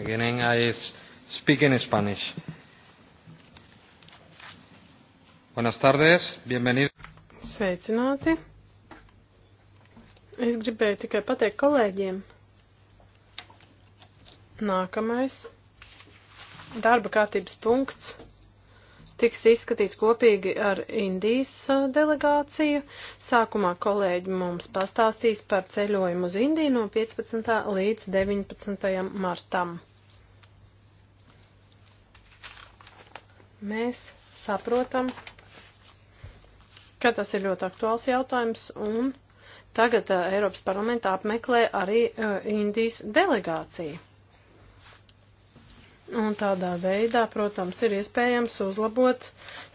beginning. I speak in Spanish. Buenas tardes, bienvenido. Sveicināti. Es gribēju tikai pateikt kolēģiem. Nākamais darba kārtības punkts tiks izskatīts kopīgi ar Indijas delegāciju. Sākumā kolēģi mums pastāstīs par ceļojumu uz Indiju no 15. līdz 19. martam. Mēs saprotam, ka tas ir ļoti aktuāls jautājums, un tagad uh, Eiropas parlamentā apmeklē arī uh, Indijas delegācija. Un tādā veidā, protams, ir iespējams uzlabot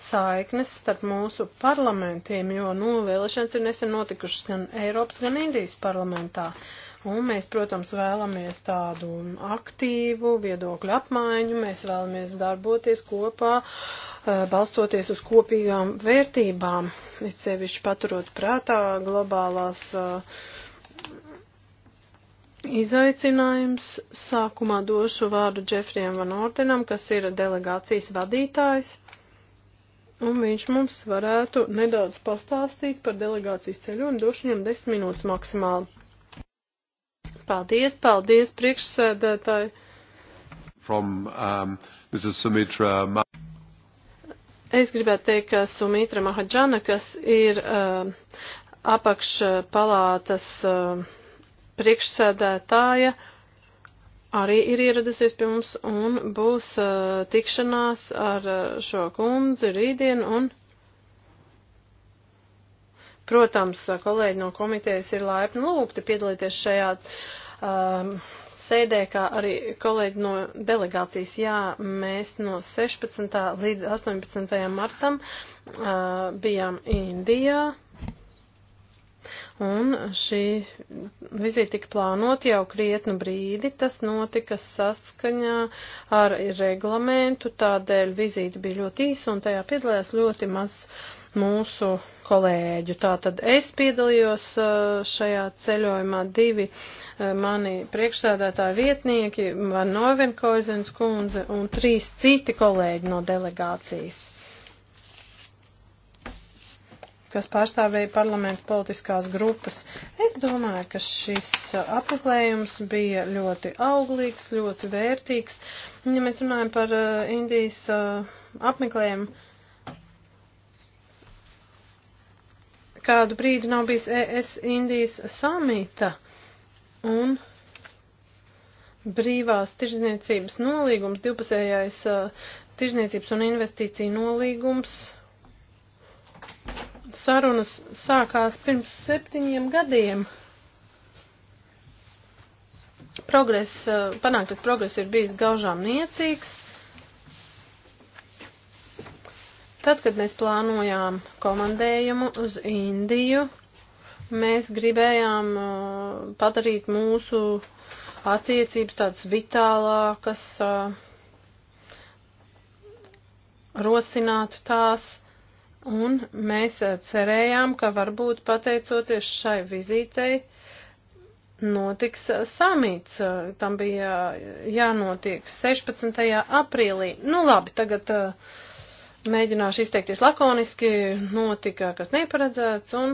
saiknes starp mūsu parlamentiem, jo, nu, vēlēšanas ir nesen notikušas gan Eiropas, gan Indijas parlamentā. Uh, Un mēs, protams, vēlamies tādu aktīvu viedokļu apmaiņu, mēs vēlamies darboties kopā, eh, balstoties uz kopīgām vērtībām, it sevišķi paturot prātā globālās eh, izaicinājums. Sākumā došu vārdu Džefriem Van Ordenam, kas ir delegācijas vadītājs, un viņš mums varētu nedaudz pastāstīt par delegācijas ceļu un došu viņam desmit minūtes maksimāli. Paldies, paldies, priekšsēdētāji. From, um, Mrs. Sumitra, Ma es gribētu teikt, ka Sumitra Mahadžana, kas ir uh, apakšpalātas uh, priekšsēdētāja, arī ir ieradusies pie mums un būs uh, tikšanās ar uh, šo kundzi rītdien un. Protams, kolēģi no komitejas ir laipni lūgti piedalīties šajā um, sēdē, kā arī kolēģi no delegācijas. Jā, mēs no 16. līdz 18. martam uh, bijām Indijā. Un šī vizīte tika plānota jau krietnu brīdi, tas notika saskaņā ar reglamentu, tādēļ vizīte bija ļoti īsa un tajā piedalījās ļoti maz uh, mūsu kolēģu. Tātad es piedalījos uh, šajā ceļojumā divi uh, mani priekšsēdētāji vietnieki, Van Novenkoizens kundze un trīs citi kolēģi no delegācijas, kas pārstāvēja parlamentu politiskās grupas. Es domāju, ka šis uh, apmeklējums bija ļoti auglīgs, ļoti vērtīgs. Ja mēs runājam par Indijas apmeklējumu, kādu brīdi nav bijis ES Indijas samita. Un brīvās tirzniecības nolīgums, divpusējais uh, tirzniecības un investīciju nolīgums. Sarunas sākās pirms septiņiem gadiem. Progress, uh, panāktas progress ir bijis gaužām niecīgs. Tad, kad mēs plānojām komandējumu uz Indiju, mēs gribējām uh, padarīt mūsu attiecības tādas vitālākas, uh, rosināt tās, un mēs uh, cerējām, ka varbūt pateicoties šai vizītei notiks samīts. Tam bija jānotiek 16. aprīlī. Nu labi, tagad uh, Mēģināšu izteikties lakoniski, notika kas neparedzēts un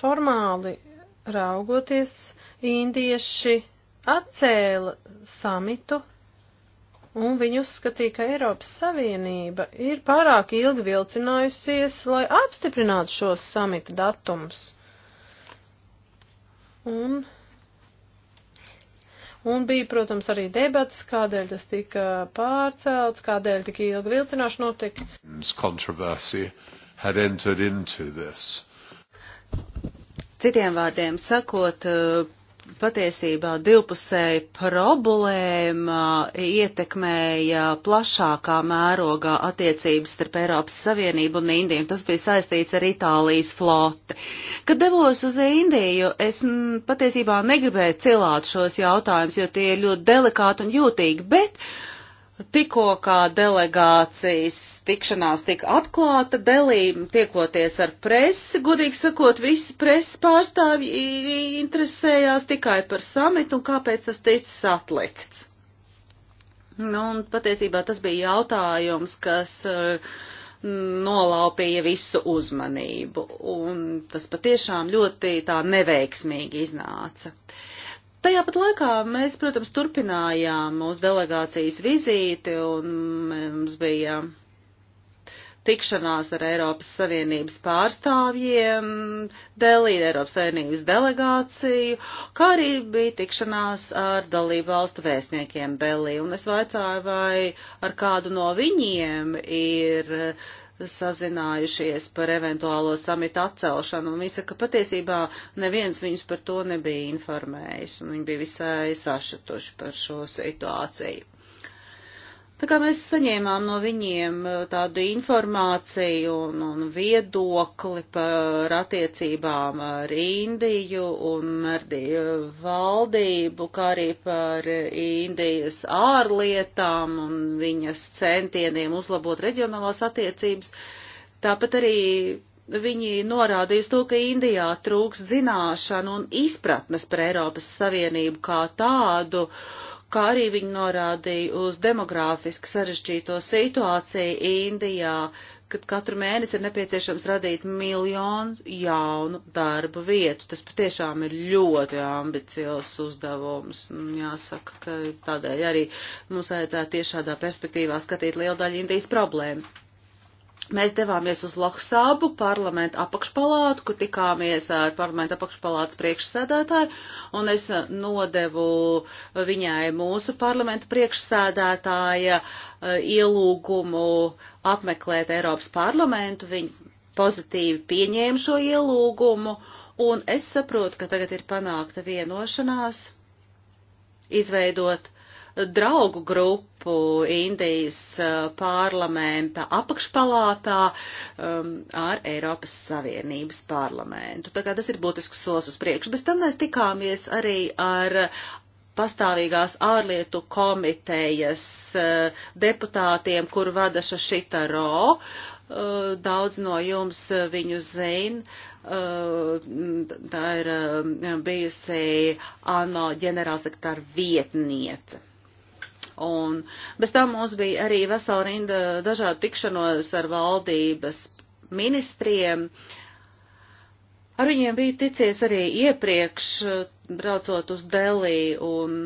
formāli raugoties, indieši atcēla samitu un viņi uzskatīja, ka Eiropas Savienība ir pārāk ilgi vilcinājusies, lai apstiprinātu šos samita datums. Un Un bija, protams, arī debats, kādēļ tas tika pārcelts, kādēļ tik ilga vilcināšana notika. Citiem vārdiem sakot, patiesībā divpusēji problēma ietekmēja plašākā mērogā attiecības starp Eiropas Savienību un Indiju. Tas bija saistīts ar Itālijas floti. Kad devos uz Indiju, es m, patiesībā negribēju cilāt šos jautājumus, jo tie ir ļoti delikāti un jūtīgi, bet uh, Tikko kā delegācijas tikšanās tika atklāta, delīm tiekoties ar presi, godīgi sakot, visi preses pārstāvji interesējās tikai par samitu un kāpēc tas ticis atlikts. Nu, un patiesībā tas bija jautājums, kas uh, nolaupīja visu uzmanību, un tas patiešām ļoti tā neveiksmīgi iznāca. Tajā pat laikā mēs, protams, turpinājām mūsu delegācijas vizīti un mums bija tikšanās ar Eiropas Savienības pārstāvjiem, Delī, Eiropas Savienības delegāciju, kā arī bija tikšanās ar dalību valstu vēstniekiem Delī. Un es vaicāju, vai ar kādu no viņiem ir sazinājušies par eventuālo samitu atcelšanu, un viņi saka, ka patiesībā neviens viņus par to nebija informējis, un viņi bija visai sašatuši par šo situāciju. Tā kā mēs saņēmām no viņiem eh, tādu informāciju un, un viedokli par attiecībām ar Indiju un ar valdību, kā arī par Indijas ārlietām un viņas centieniem uzlabot reģionālās attiecības, tāpat arī viņi norādījusi to, ka Indijā trūks zināšanu un izpratnes par Eiropas Savienību kā tādu. Uh, kā arī viņi norādīja uz demogrāfiski sarežģīto situāciju Indijā, kad katru mēnesi ir nepieciešams radīt miljonu jaunu darba vietu. Tas patiešām ir ļoti ambiciozs uzdevums. Jāsaka, ka tādēļ arī mums vajadzētu tieši šādā perspektīvā skatīt lielu daļu Indijas problēmu. Mēs devāmies uz Laksābu, parlamentu apakšpalātu, kur tikāmies ar parlamentu apakšpalātas priekšsēdētāju, un es nodevu viņai mūsu parlamentu priekšsēdētāja eh, ielūgumu apmeklēt Eiropas parlamentu. Viņa pozitīvi pieņēma šo ielūgumu, un es saprotu, ka tagad ir panākta vienošanās izveidot draugu grupu Indijas uh, parlamenta apakšpalātā um, ar Eiropas Savienības parlamentu. Tā kā tas ir būtisks solis uz priekšu. Bez tam mēs tikāmies arī ar pastāvīgās ārlietu komitejas uh, deputātiem, kur vada Šašita Ro. Uh, daudz no jums viņu zina. Tā ir um, bijusi ANO ģenerālsektāra vietniece. Un bez tam mums bija arī vesela rinda dažādu tikšanos ar valdības ministriem. Ar viņiem biju ticies arī iepriekš, braucot uz Delī, un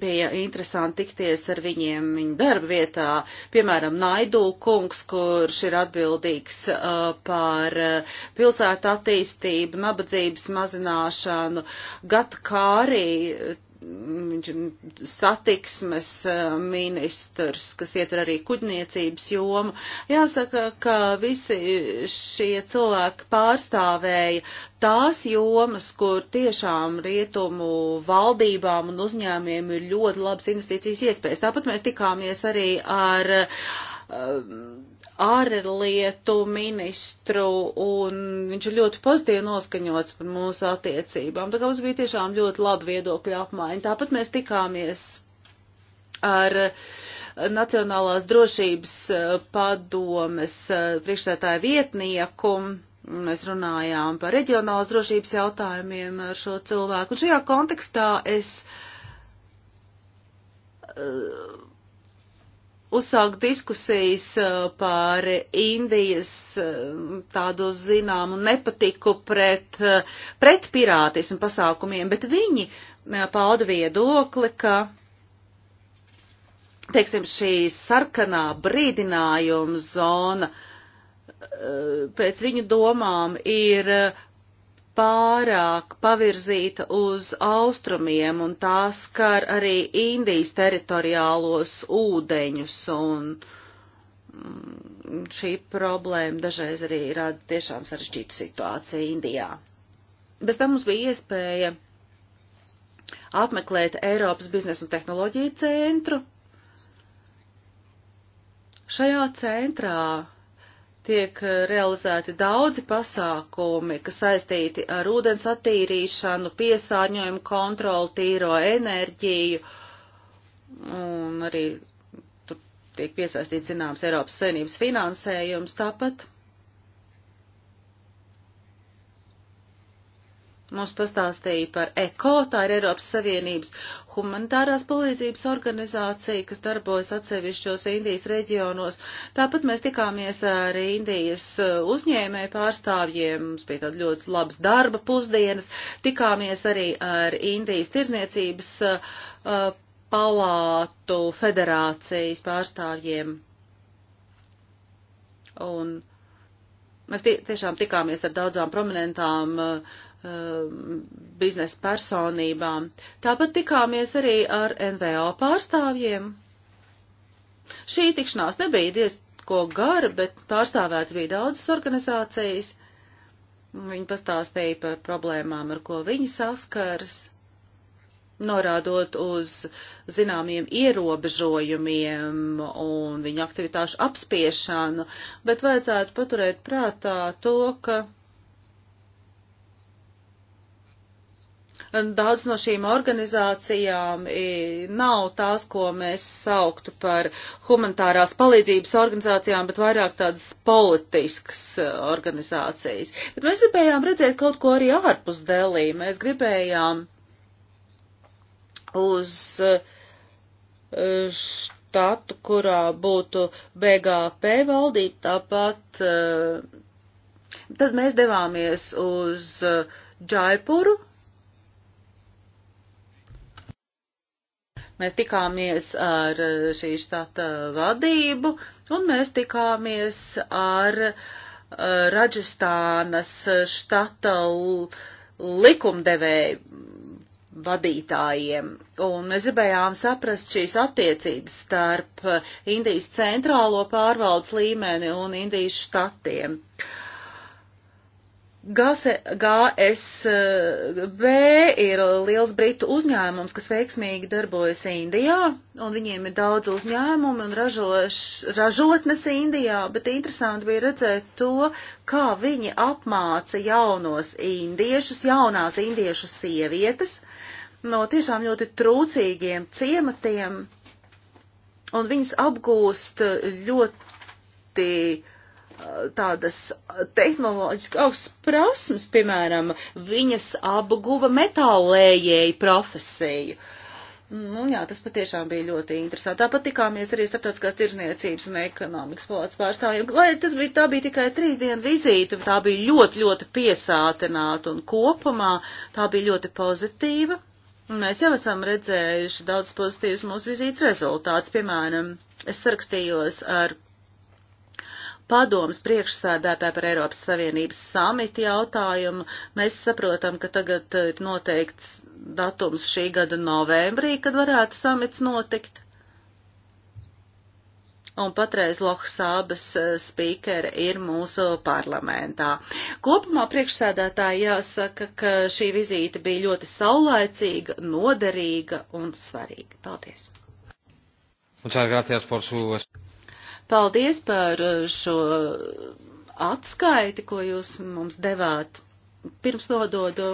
bija interesanti tikties ar viņiem viņu darba vietā. Piemēram, Naidu kungs, kurš ir atbildīgs uh, par uh, pilsētu attīstību, nabadzības mazināšanu, Gatkārī, viņš ir satiksmes eh, ministrs, kas ietver arī kuģniecības jomu. Jāsaka, ka visi šie cilvēki pārstāvēja tās jomas, kur tiešām rietumu valdībām un uzņēmiem ir ļoti labas investīcijas iespējas. Tāpat mēs tikāmies arī ar uh, Um, ārlietu ministru, un viņš ir ļoti pozitīvi noskaņots par mūsu attiecībām. Tā kā mums bija tiešām ļoti laba viedokļa apmaiņa. Tāpat mēs tikāmies ar uh, Nacionālās drošības uh, padomes uh, priekšsētāju vietnieku. Mēs runājām par reģionālas drošības jautājumiem ar šo cilvēku. Un šajā kontekstā es uh, uzsākt diskusijas eh, par Indijas eh, tādu zināmu nepatiku pret, eh, pret pirātismu pasākumiem, bet viņi pauda viedokli, ka, teiksim, šī sarkanā brīdinājuma zona pēc viņu domām ir pārāk pavirzīta uz austrumiem, un tā skar arī Indijas teritoriālos ūdeņus, un mm, šī problēma dažreiz arī rada tiešām sarežģītu situāciju Indijā. Bez tam mums bija iespēja apmeklēt Eiropas biznesa un tehnoloģiju centru. Šajā centrā tiek eh, realizēti daudzi pasākumi, kas saistīti ar ūdens attīrīšanu, piesārņojumu kontroli, tīro enerģiju un arī tur tiek piesaistīts zināms Eiropas savinības finansējums. Tāpat mums pastāstīja par ECO, tā ir Eiropas Savienības humanitārās palīdzības organizācija, kas darbojas atsevišķos Indijas reģionos. Tāpat mēs tikāmies ar Indijas uh, uzņēmēju pārstāvjiem, mums bija tāda ļoti labas darba pusdienas, tikāmies arī ar Indijas tirzniecības uh, uh, palātu federācijas pārstāvjiem. Un mēs tie, tiešām tikāmies ar daudzām prominentām uh, Um, biznesa personībām. Tāpat tikāmies arī ar NVO pārstāvjiem. Šī tikšanās nebija diezko gara, bet pārstāvēts bija daudzas organizācijas. Viņi pastāstīja par problēmām, ar ko viņi saskars, norādot uz zināmiem ierobežojumiem un viņu aktivitāšu apspiešanu, bet vajadzētu paturēt prātā to, ka Daudz no šīm organizācijām nav tās, ko mēs sauktu par humanitārās palīdzības organizācijām, bet vairāk tādas politiskas e, organizācijas. Bet mēs gribējām redzēt kaut ko arī ārpus Delī. Mēs gribējām uz e, e, štatu, kurā būtu BGP valdība, tāpat tad mēs devāmies uz Džaipuru, Mēs tikāmies ar eh, šī štata vadību un mēs tikāmies ar eh, Raģistānas štata likumdevēju vadītājiem, un mēs gribējām saprast šīs attiecības starp Indijas centrālo pārvaldes līmeni un Indijas štatiem. Uh, GSB ir liels britu uzņēmums, kas veiksmīgi darbojas Indijā, un viņiem ir daudz uzņēmumu un ražoš, ražotnes Indijā, bet interesanti bija redzēt to, kā viņi apmāca jaunos indiešus, jaunās indiešu sievietes no tiešām ļoti trūcīgiem ciematiem, un viņas apgūst ļoti tādas tehnoloģiski augstas prasmes, piemēram, viņas apguva metālējēji profesiju. Nu, jā, tas patiešām bija ļoti interesanti. Tāpat tikāmies arī starptautiskās tirzniecības un ekonomikas palātas pārstāvjiem. Lai tas bija, tā bija tikai trīs dienu vizīte, tā bija ļoti, ļoti piesātināta un kopumā tā bija ļoti pozitīva. Un mēs jau esam redzējuši daudz pozitīvas mūsu vizītes rezultātus. Piemēram, es sarakstījos ar padomas priekšsēdētāja par Eiropas Savienības samiti jautājumu. Mēs saprotam, ka tagad eh, ir noteikts datums šī gada novembrī, kad varētu samits notikt. Un patreiz Lohsābas eh, spīkere ir mūsu parlamentā. Kopumā priekšsēdētāji jāsaka, ka šī vizīte bija ļoti saulaicīga, noderīga un svarīga. Paldies! Muchas gracias por su Paldies par eh, šo atskaiti, ko jūs mums devāt. Pirms nododu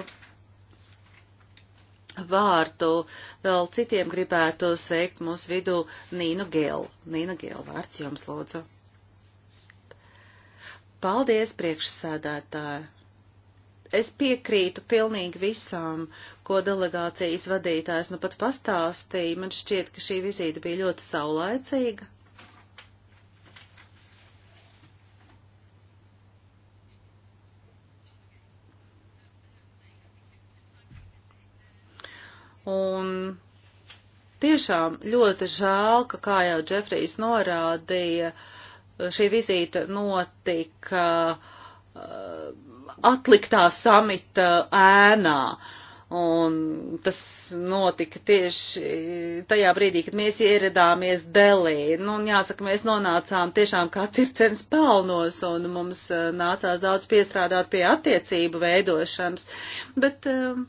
vārdu vēl citiem gribētu sveikt mūsu vidū Nīnu Gēlu. Nīna Gēla, vārds jums lūdzu. Paldies, priekšsēdētāji! Es piekrītu pilnīgi visam, ko delegācijas vadītājs nu pat pastāstīja. Man šķiet, ka šī vizīte bija ļoti saulaicīga. Un tiešām ļoti žēl, ka, kā jau Džefrijs norādīja, šī vizīte notika uh, atliktā samita ēnā. Un tas notika tieši tajā brīdī, kad mēs ieradāmies Delī. Nu, jāsaka, mēs nonācām tiešām kā circens pelnos, un mums uh, nācās daudz piestrādāt pie attiecību veidošanas. Bet, uh,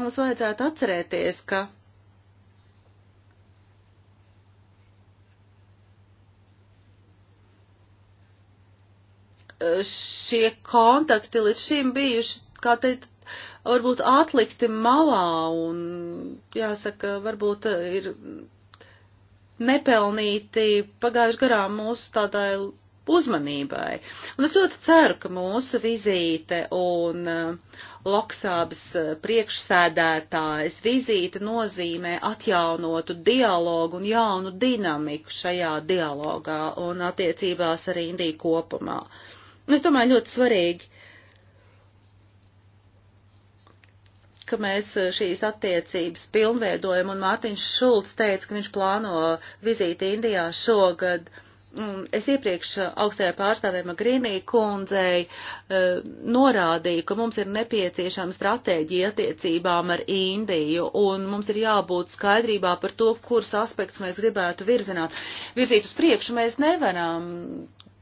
Mums vajadzētu atcerēties, ka šie kontakti līdz šim bijuši, kā teikt, varbūt atlikti malā un, jāsaka, varbūt ir nepelnīti pagājuši garām mūsu tādai uzmanībai. Un es ļoti ceru, ka mūsu vizīte un uh, Loksābas eh, priekšsēdētājas vizīte nozīmē atjaunotu dialogu un jaunu dinamiku šajā dialogā un attiecībās ar Indiju kopumā. Es domāju, ļoti svarīgi, ka mēs eh, šīs attiecības pilnveidojam, un Mārtiņš Šulcs teica, ka viņš plāno vizīti Indijā šogad. Uh, Mm, es iepriekš uh, augstajai pārstāvēm Grīnī kundzei uh, norādīju, ka mums ir nepieciešama stratēģija attiecībām ar Indiju, un mums ir jābūt skaidrībā par to, kurus aspektus mēs gribētu virzināt. Virzīt uz priekšu mēs nevaram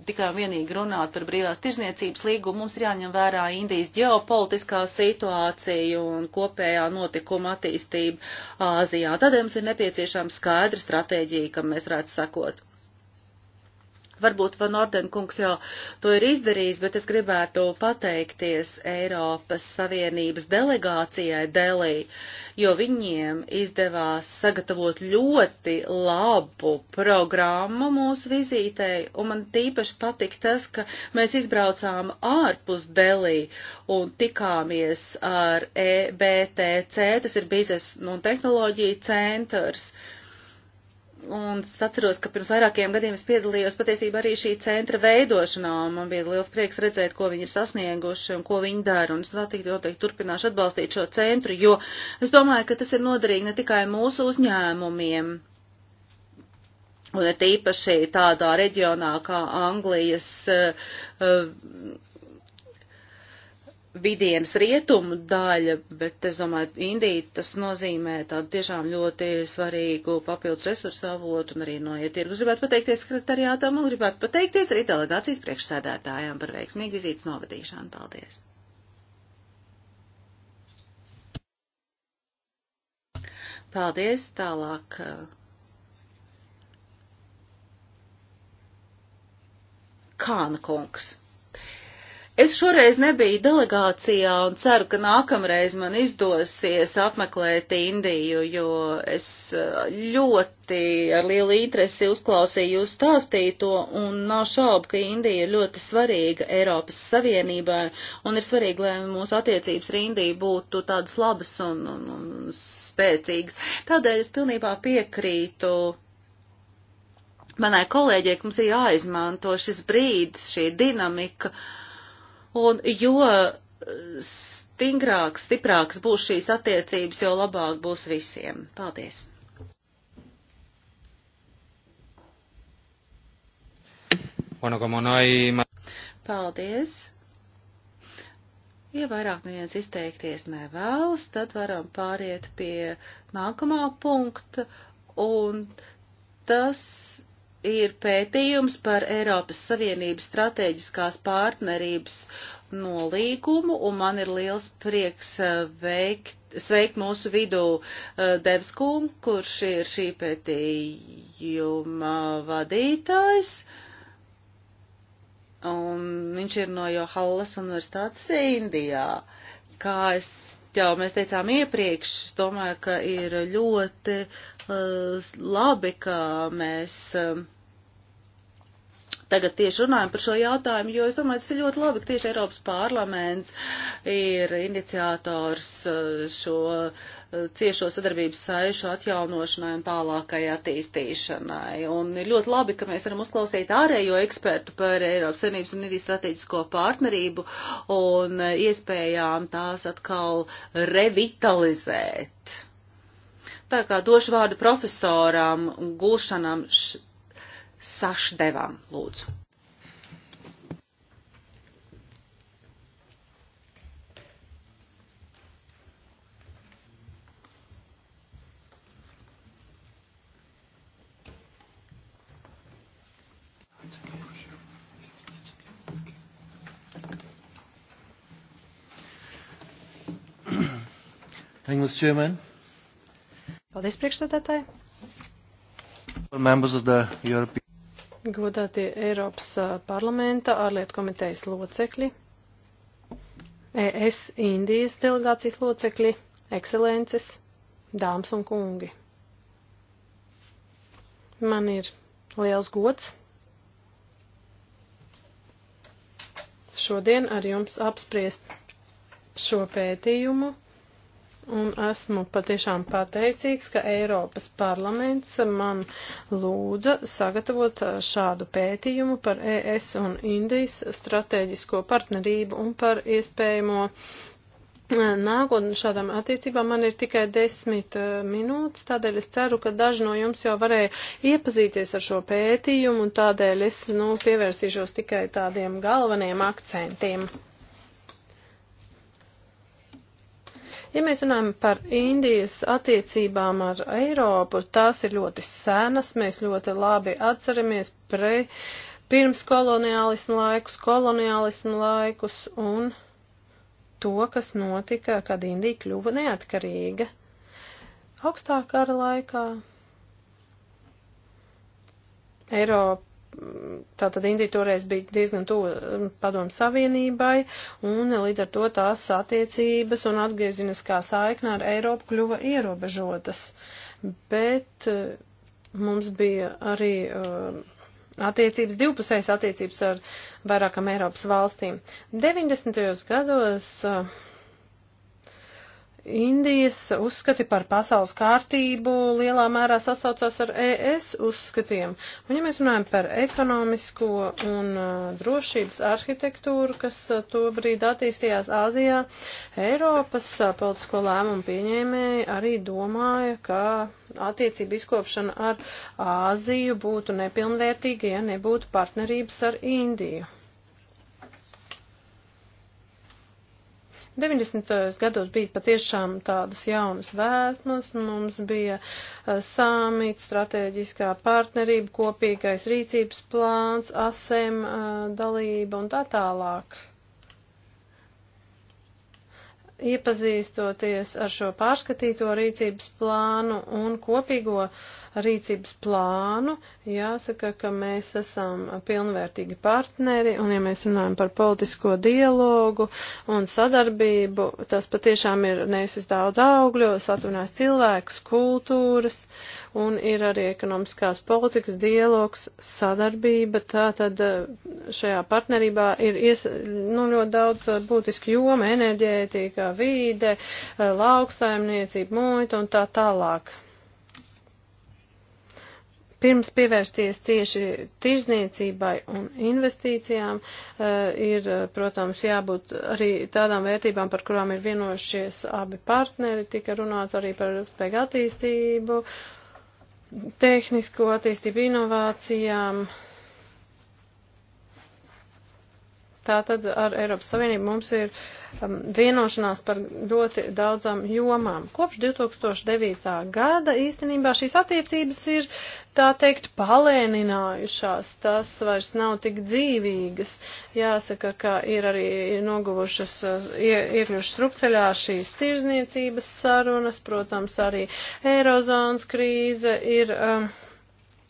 tikai un vienīgi runāt par brīvās tirzniecības līgumu, mums ir jāņem vērā Indijas ģeopolitiskā situācija un kopējā notikuma attīstība Āzijā. Tādēļ mums ir nepieciešama skaidra stratēģija, kam mēs varētu sakot. Varbūt Van Ordenkungs jau to ir izdarījis, bet es gribētu pateikties Eiropas Savienības delegācijai Delī, jo viņiem izdevās sagatavot ļoti labu programmu mūsu vizītei, un man tīpaši patika tas, ka mēs izbraucām ārpus Delī un tikāmies ar EBTC, tas ir Biznes un tehnoloģija centrs. Uh, Un es atceros, ka pirms vairākiem gadiem es piedalījos patiesībā arī šī centra veidošanā, un man bija liels prieks redzēt, ko viņi ir sasnieguši un ko viņi dara, un es noteikti, noteikti turpināšu atbalstīt šo centru, jo es domāju, ka tas ir noderīgi ne tikai mūsu uzņēmumiem, un ir tīpaši tādā reģionā kā Anglijas uh, vidienas rietumu daļa, bet es domāju, Indija tas nozīmē tādu tiešām ļoti svarīgu papildus resursu avotu un arī noiet tirgus. Gribētu pateikties sekretariātam un gribētu pateikties arī delegācijas priekšsēdētājām par veiksmīgu vizītes novadīšanu. Paldies! Paldies! Tālāk. Uh, Kāna kungs. Es šoreiz nebiju delegācijā un ceru, ka nākamreiz man izdosies apmeklēt Indiju, jo es eh, ļoti ar lielu interesi uzklausīju jūs stāstīto un nav šaubu, ka Indija ir ļoti svarīga Eiropas Savienībai un ir svarīgi, lai mūsu attiecības ar Indiju būtu tādas labas un, un, un spēcīgas. Tādēļ es pilnībā piekrītu manai kolēģei, ka mums ir jāizmanto šis brīdis, šī dinamika. Uh, Un jo eh, stingrāks, stiprāks būs šīs attiecības, jo labāk būs visiem. Paldies! Bueno, como no hay... Paldies! Ja vairāk neviens izteikties nevēlas, tad varam pāriet pie nākamā punkta, un tas ir pētījums par Eiropas Savienības strateģiskās partnerības nolīgumu, un man ir liels prieks eh, veikt, sveikt mūsu vidū eh, Devs Kungu, kurš ir šī pētījuma vadītājs. Un viņš ir no Johallas Universitātes Indijā. Kā es jau mēs teicām iepriekš, es domāju, ka ir ļoti uh, labi, ka mēs. Uh, tagad tieši runājam par šo jautājumu, jo es domāju, tas ir ļoti labi, ka tieši Eiropas parlaments ir iniciators eh, šo eh, ciešo sadarbības saišu atjaunošanai un tālākai attīstīšanai. Un ir ļoti labi, ka mēs varam uzklausīt ārējo ekspertu par Eiropas Savienības un Indijas strateģisko partnerību un eh, iespējām tās atkal revitalizēt. Tā kā došu vārdu profesoram Gulšanam sašdevām, lūdzu. Mr. Chairman. Paldies, priekšsēdētāji. Members of the European godātie Eiropas parlamenta ārlietu komitejas locekļi, ES Indijas delegācijas locekļi, ekscelences, dāmas un kungi. Man ir liels gods šodien ar jums apspriest šo pētījumu Un esmu patiešām pateicīgs, ka Eiropas parlaments man lūdza sagatavot šādu pētījumu par ES un Indijas strateģisko partnerību un par iespējamo eh, nākotni šādām attiecībām. Man ir tikai desmit eh, minūtes, tādēļ es ceru, ka daži no jums jau varēja iepazīties ar šo pētījumu un tādēļ es nu, pievērsīšos tikai tādiem galveniem akcentiem. Ja mēs runājam par Indijas attiecībām ar Eiropu, tās ir ļoti senas, mēs ļoti labi atceramies pre, pirms koloniālismu laikus, koloniālismu laikus un to, kas notika, kad Indija kļuva neatkarīga. Augstākā kara laikā Eiropa tātad Indija toreiz bija diezgan tuvu um, padomu savienībai, un līdz ar to tās attiecības un atgrieziniskā saikna ar Eiropu kļuva ierobežotas. Bet uh, mums bija arī uh, attiecības, divpusējas attiecības ar vairākam Eiropas valstīm. 90. gados uh, Indijas uzskati par pasaules kārtību lielā mērā sasaucās ar ES uzskatiem. Un ja mēs runājam par ekonomisko un uh, drošības arhitektūru, kas uh, to brīdi attīstījās Āzijā, Eiropas uh, politisko lēmumu pieņēmēji arī domāja, ka attiecību izkopšana ar Āziju būtu nepilnvērtīga, ja nebūtu partnerības ar Indiju. 90. gados bija patiešām tādas jaunas vēsmas, mums bija samits, strateģiskā partnerība, kopīgais rīcības plāns, ASEM dalība un tā tālāk. Iepazīstoties ar šo pārskatīto rīcības plānu un kopīgo uh, rīcības plānu, jāsaka, ka mēs esam pilnvērtīgi partneri, un ja mēs runājam par politisko dialogu un sadarbību, tas patiešām ir nesis daudz augļu, satvinās cilvēkus, kultūras, un ir arī ekonomiskās politikas dialogs, sadarbība, tā tad eh, šajā partnerībā ir ies, nu, ļoti daudz eh, būtiski joma, enerģētika, vīde, eh, lauksaimniecība, muita un tā tālāk. Pirms pievērsties tieši tirzniecībai un investīcijām, eh, ir, eh, protams, jābūt arī tādām vērtībām, par kurām ir vienojušies abi partneri. Tika runāts arī par ilgspējīgu attīstību, tehnisko attīstību, inovācijām, Tātad ar Eiropas Savienību mums ir um, vienošanās par ļoti daudzām jomām. Kopš 2009. gada īstenībā šīs attiecības ir, tā teikt, palēninājušās. Tas vairs nav tik dzīvīgas. Jāsaka, ka ir arī noguvušas, uh, iekļušas strupceļā šīs tirzniecības sarunas, protams, arī Eirozonas krīze ir. Um,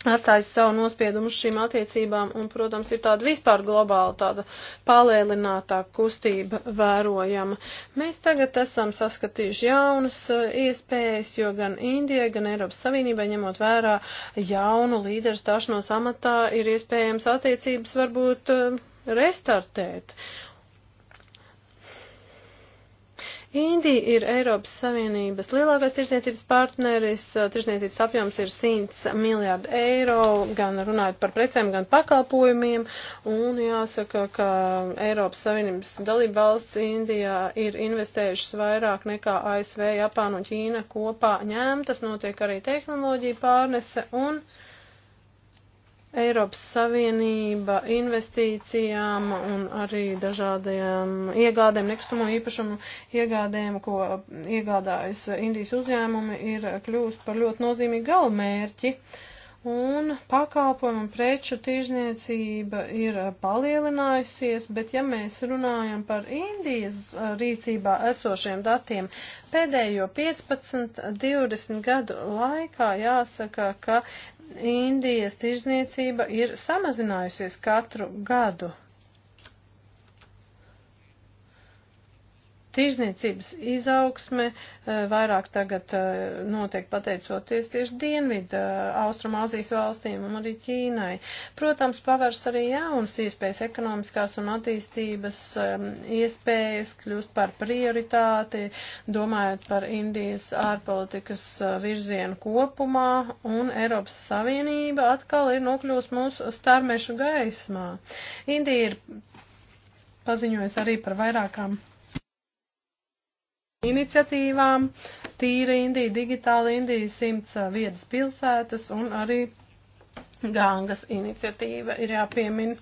atstājis savu nospiedumu šīm attiecībām, un, protams, ir tāda vispār globāla, tāda palēlinātā kustība vērojama. Mēs tagad esam saskatījuši jaunas eh, iespējas, jo gan Indija, gan Eiropas Savienībai ņemot vērā jaunu līderu stāšanos amatā, ir iespējams attiecības varbūt eh, restartēt. Uh, Indija ir Eiropas Savienības lielākais tirsniecības partneris, tirsniecības apjoms ir 100 miljārdu eiro, gan runājot par precēm, gan pakalpojumiem, un jāsaka, ka Eiropas Savienības dalība valsts Indijā ir investējušas vairāk nekā ASV, Japāna un Ķīna kopā ņēmtas, notiek arī tehnoloģija pārnese un. Uh, Eiropas Savienība investīcijām un arī dažādajām iegādēm, nekustamo īpašumu iegādēm, ko iegādājas Indijas uzņēmumi, ir kļūst par ļoti nozīmīgu galvmērķi. Un pakalpojumu un preču tirzniecība ir palielinājusies, bet ja mēs runājam par Indijas rīcībā esošiem datiem, pēdējo 15-20 gadu laikā jāsaka, ka Indijas tirzniecība ir samazinājusies katru gadu. Tirzniecības izaugsme eh, vairāk tagad eh, notiek pateicoties tieši Dienvidu, eh, Austrumāzijas valstīm un arī Ķīnai. Protams, pavars arī jaunas iespējas, ekonomiskās un attīstības iespējas kļūst par prioritāti, domājot par Indijas ārpolitikas virzienu kopumā, un Eiropas Savienība atkal ir nokļūst mūsu starmešu gaismā. Indija ir paziņojusi arī par vairākām iniciatīvām, tīra Indija, digitāla Indija, simts viedas pilsētas un arī Gangas iniciatīva ir jāpiemin.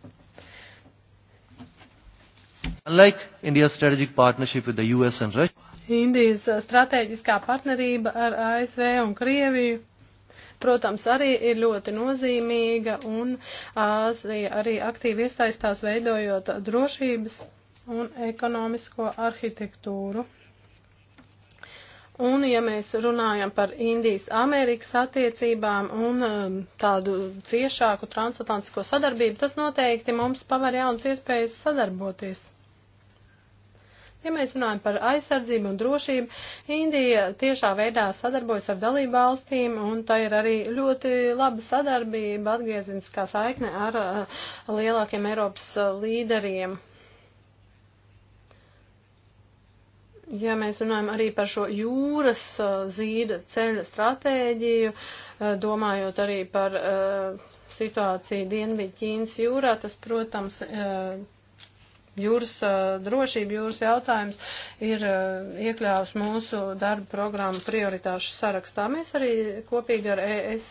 Unlike India's strategic partnership with the US and Russia. Indijas strateģiskā partnerība ar ASV un Krieviju, protams, arī ir ļoti nozīmīga un Āzija arī aktīvi iesaistās veidojot drošības un ekonomisko arhitektūru. Un, ja mēs runājam par Indijas-Amerikas attiecībām un um, tādu ciešāku transatlantisko sadarbību, tas noteikti mums paver jaunas iespējas sadarboties. Ja mēs runājam par aizsardzību un drošību, Indija tiešā veidā sadarbojas ar dalību valstīm, un tā ir arī ļoti laba sadarbība, atgrieziniskā saikne ar uh, lielākiem Eiropas uh, līderiem Ja mēs runājam arī par šo jūras uh, zīda ceļa stratēģiju, uh, domājot arī par uh, situāciju Dienvidķīnas jūrā, tas, protams, jūras drošība, jūras jautājums ir iekļāvs mūsu darba programmu prioritāšu sarakstā. Mēs arī kopīgi ar ES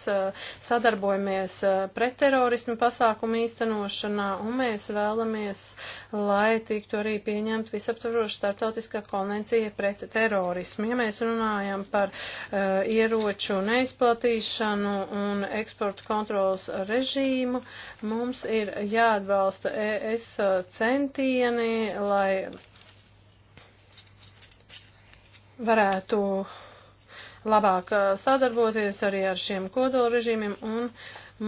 sadarbojamies pretterorismu pasākumu īstenošanā, un mēs vēlamies, lai tiktu arī pieņemt visaptvaroša startautiskā konvencija pret terorismu. Ja mēs runājam par uh, ieroču neizplatīšanu un eksporta kontrolas režīmu, mums ir jāatbalsta ES centība centieni, lai varētu labāk uh, sadarboties arī ar šiem kodolrežīmiem un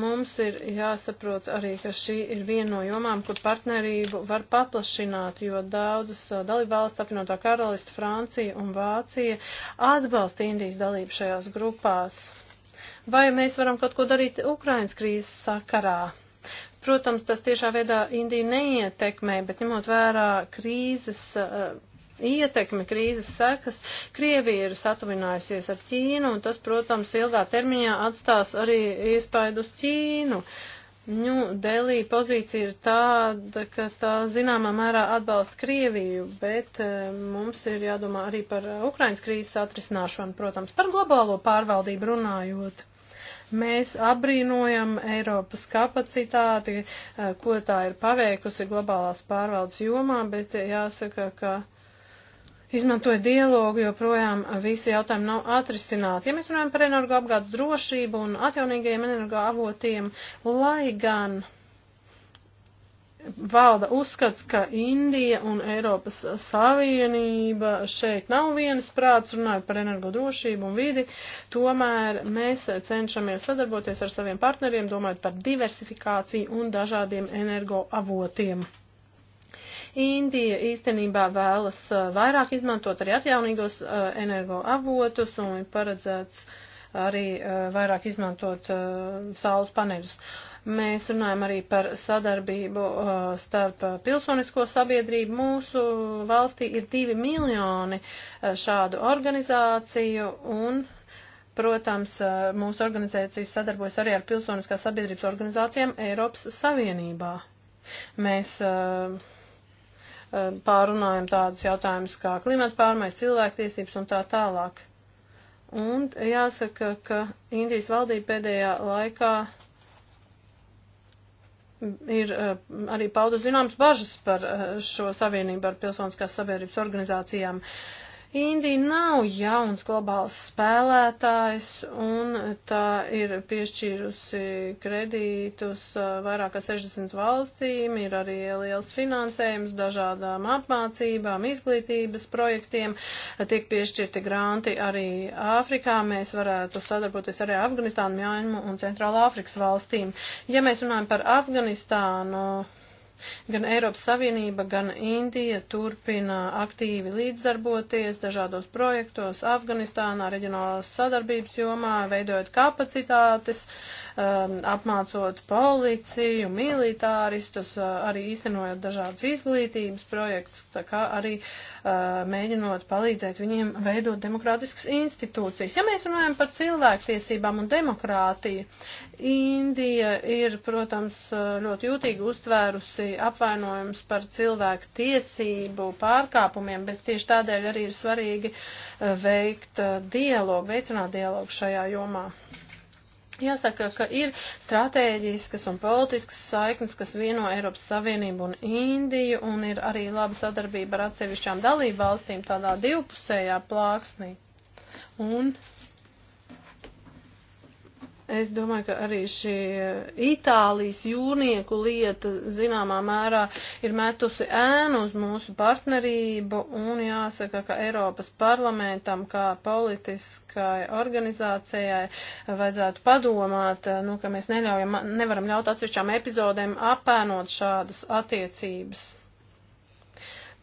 mums ir jāsaprot arī, ka šī ir viena no jomām, kur partnerību var paplašināt, jo daudzas uh, dalībvalsts, apvienotā karalista, Francija un Vācija atbalsta Indijas dalību šajās grupās. Vai mēs varam kaut ko darīt Ukrainas krīzes sakarā? Protams, tas tiešā veidā Indiju neietekmē, bet ņemot vērā krīzes eh, ietekmi, krīzes sekas, Krievija ir satuvinājusies ar Ķīnu, un tas, protams, ilgā termiņā atstās arī iespaidu uz Ķīnu. Nu, Delī pozīcija ir tāda, ka tā zināmā mērā atbalsta Krieviju, bet eh, mums ir jādomā arī par Ukrainas krīzes atrisināšanu, protams, par globālo pārvaldību runājot. Mēs apbrīnojam Eiropas kapacitāti, eh, ko tā ir paveikusi globālās pārvaldes jomā, bet jāsaka, ka. Izmantojot dialogu, joprojām visi jautājumi nav atrisināti. Ja mēs runājam par energoapgādes drošību un atjaunīgajiem energoavotiem, lai gan valda uzskats, ka Indija un Eiropas Savienība šeit nav vienas prāts, runājot par energodrošību un vidi, tomēr mēs cenšamies sadarboties ar saviem partneriem, domājot par diversifikāciju un dažādiem energoavotiem. Indija īstenībā vēlas eh, vairāk izmantot arī atjaunīgos eh, energoavotus un ir paredzēts arī eh, vairāk izmantot saules paneļus. Uh, Mēs runājam arī par sadarbību uh, starp uh, pilsonisko sabiedrību. Mūsu valstī ir divi miljoni uh, šādu organizāciju un. Protams, mūsu organizācijas sadarbojas arī ar pilsoniskās sabiedrības organizācijām Eiropas Savienībā. Mēs uh, pārunājam tādus jautājumus kā klimata pārmaiņas, cilvēktiesības un tā tālāk. Un jāsaka, ka Indijas valdība pēdējā laikā ir eh, arī pauda zināms bažas par eh, šo savienību ar pilsoniskās sabiedrības organizācijām. Uh, Indija nav jauns globāls spēlētājs un tā ir piešķīrusi kredītus vairāk kā 60 valstīm, ir arī liels finansējums dažādām apmācībām, izglītības projektiem, tiek piešķirti granti arī Āfrikā, mēs varētu sadarboties arī Afganistānu, Mjāņu un Centrālā Āfrikas valstīm. Ja mēs runājam par Afganistānu, Gan Eiropas Savienība, gan Indija turpina aktīvi līdzdarboties dažādos projektos Afganistānā, reģionālās sadarbības jomā, veidojot kapacitātes, uh, um, apmācot policiju, militāristus, uh, arī īstenojot dažādas izglītības projekts, kā arī uh, mēģinot palīdzēt viņiem veidot demokrātiskas institūcijas. Ja mēs runājam par cilvēktiesībām un demokrātiju, Indija ir, protams, uh, ļoti jūtīgi uztvērusi apvainojums par cilvēku tiesību pārkāpumiem, bet tieši tādēļ arī ir svarīgi uh, veikt uh, dialogu, veicināt dialogu šajā jomā. Jāsaka, ka ir stratēģiskas un politiskas saiknes, kas vieno Eiropas Savienību un Indiju, un ir arī laba sadarbība ar atsevišķām dalību valstīm tādā divpusējā plāksnī. Un Es domāju, ka arī šī eh, Itālijas jūrnieku lieta zināmā mērā ir metusi ēnu uz mūsu partnerību un jāsaka, ka Eiropas parlamentam kā politiskai organizācijai vajadzētu padomāt, eh, nu, ka mēs neļaujam, nevaram ļaut atsevišķām epizodēm apēnot šādas attiecības.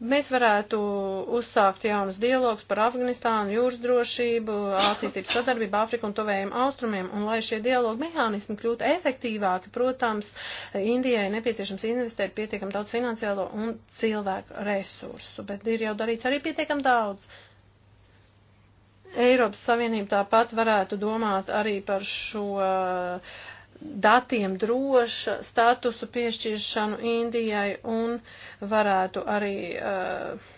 Mēs varētu uzsākt jaunus dialogus par Afganistānu, jūras drošību, attīstības sadarbību, Āfriku un tuvējiem austrumiem, un lai šie dialogu mehānismi kļūtu efektīvāki, protams, Indijai nepieciešams investēt pietiekam daudz finansiālo un cilvēku resursu, bet ir jau darīts arī pietiekam daudz. Eiropas Savienība tāpat varētu domāt arī par šo uh, datiem droša statusu piešķiršanu Indijai un varētu arī uh,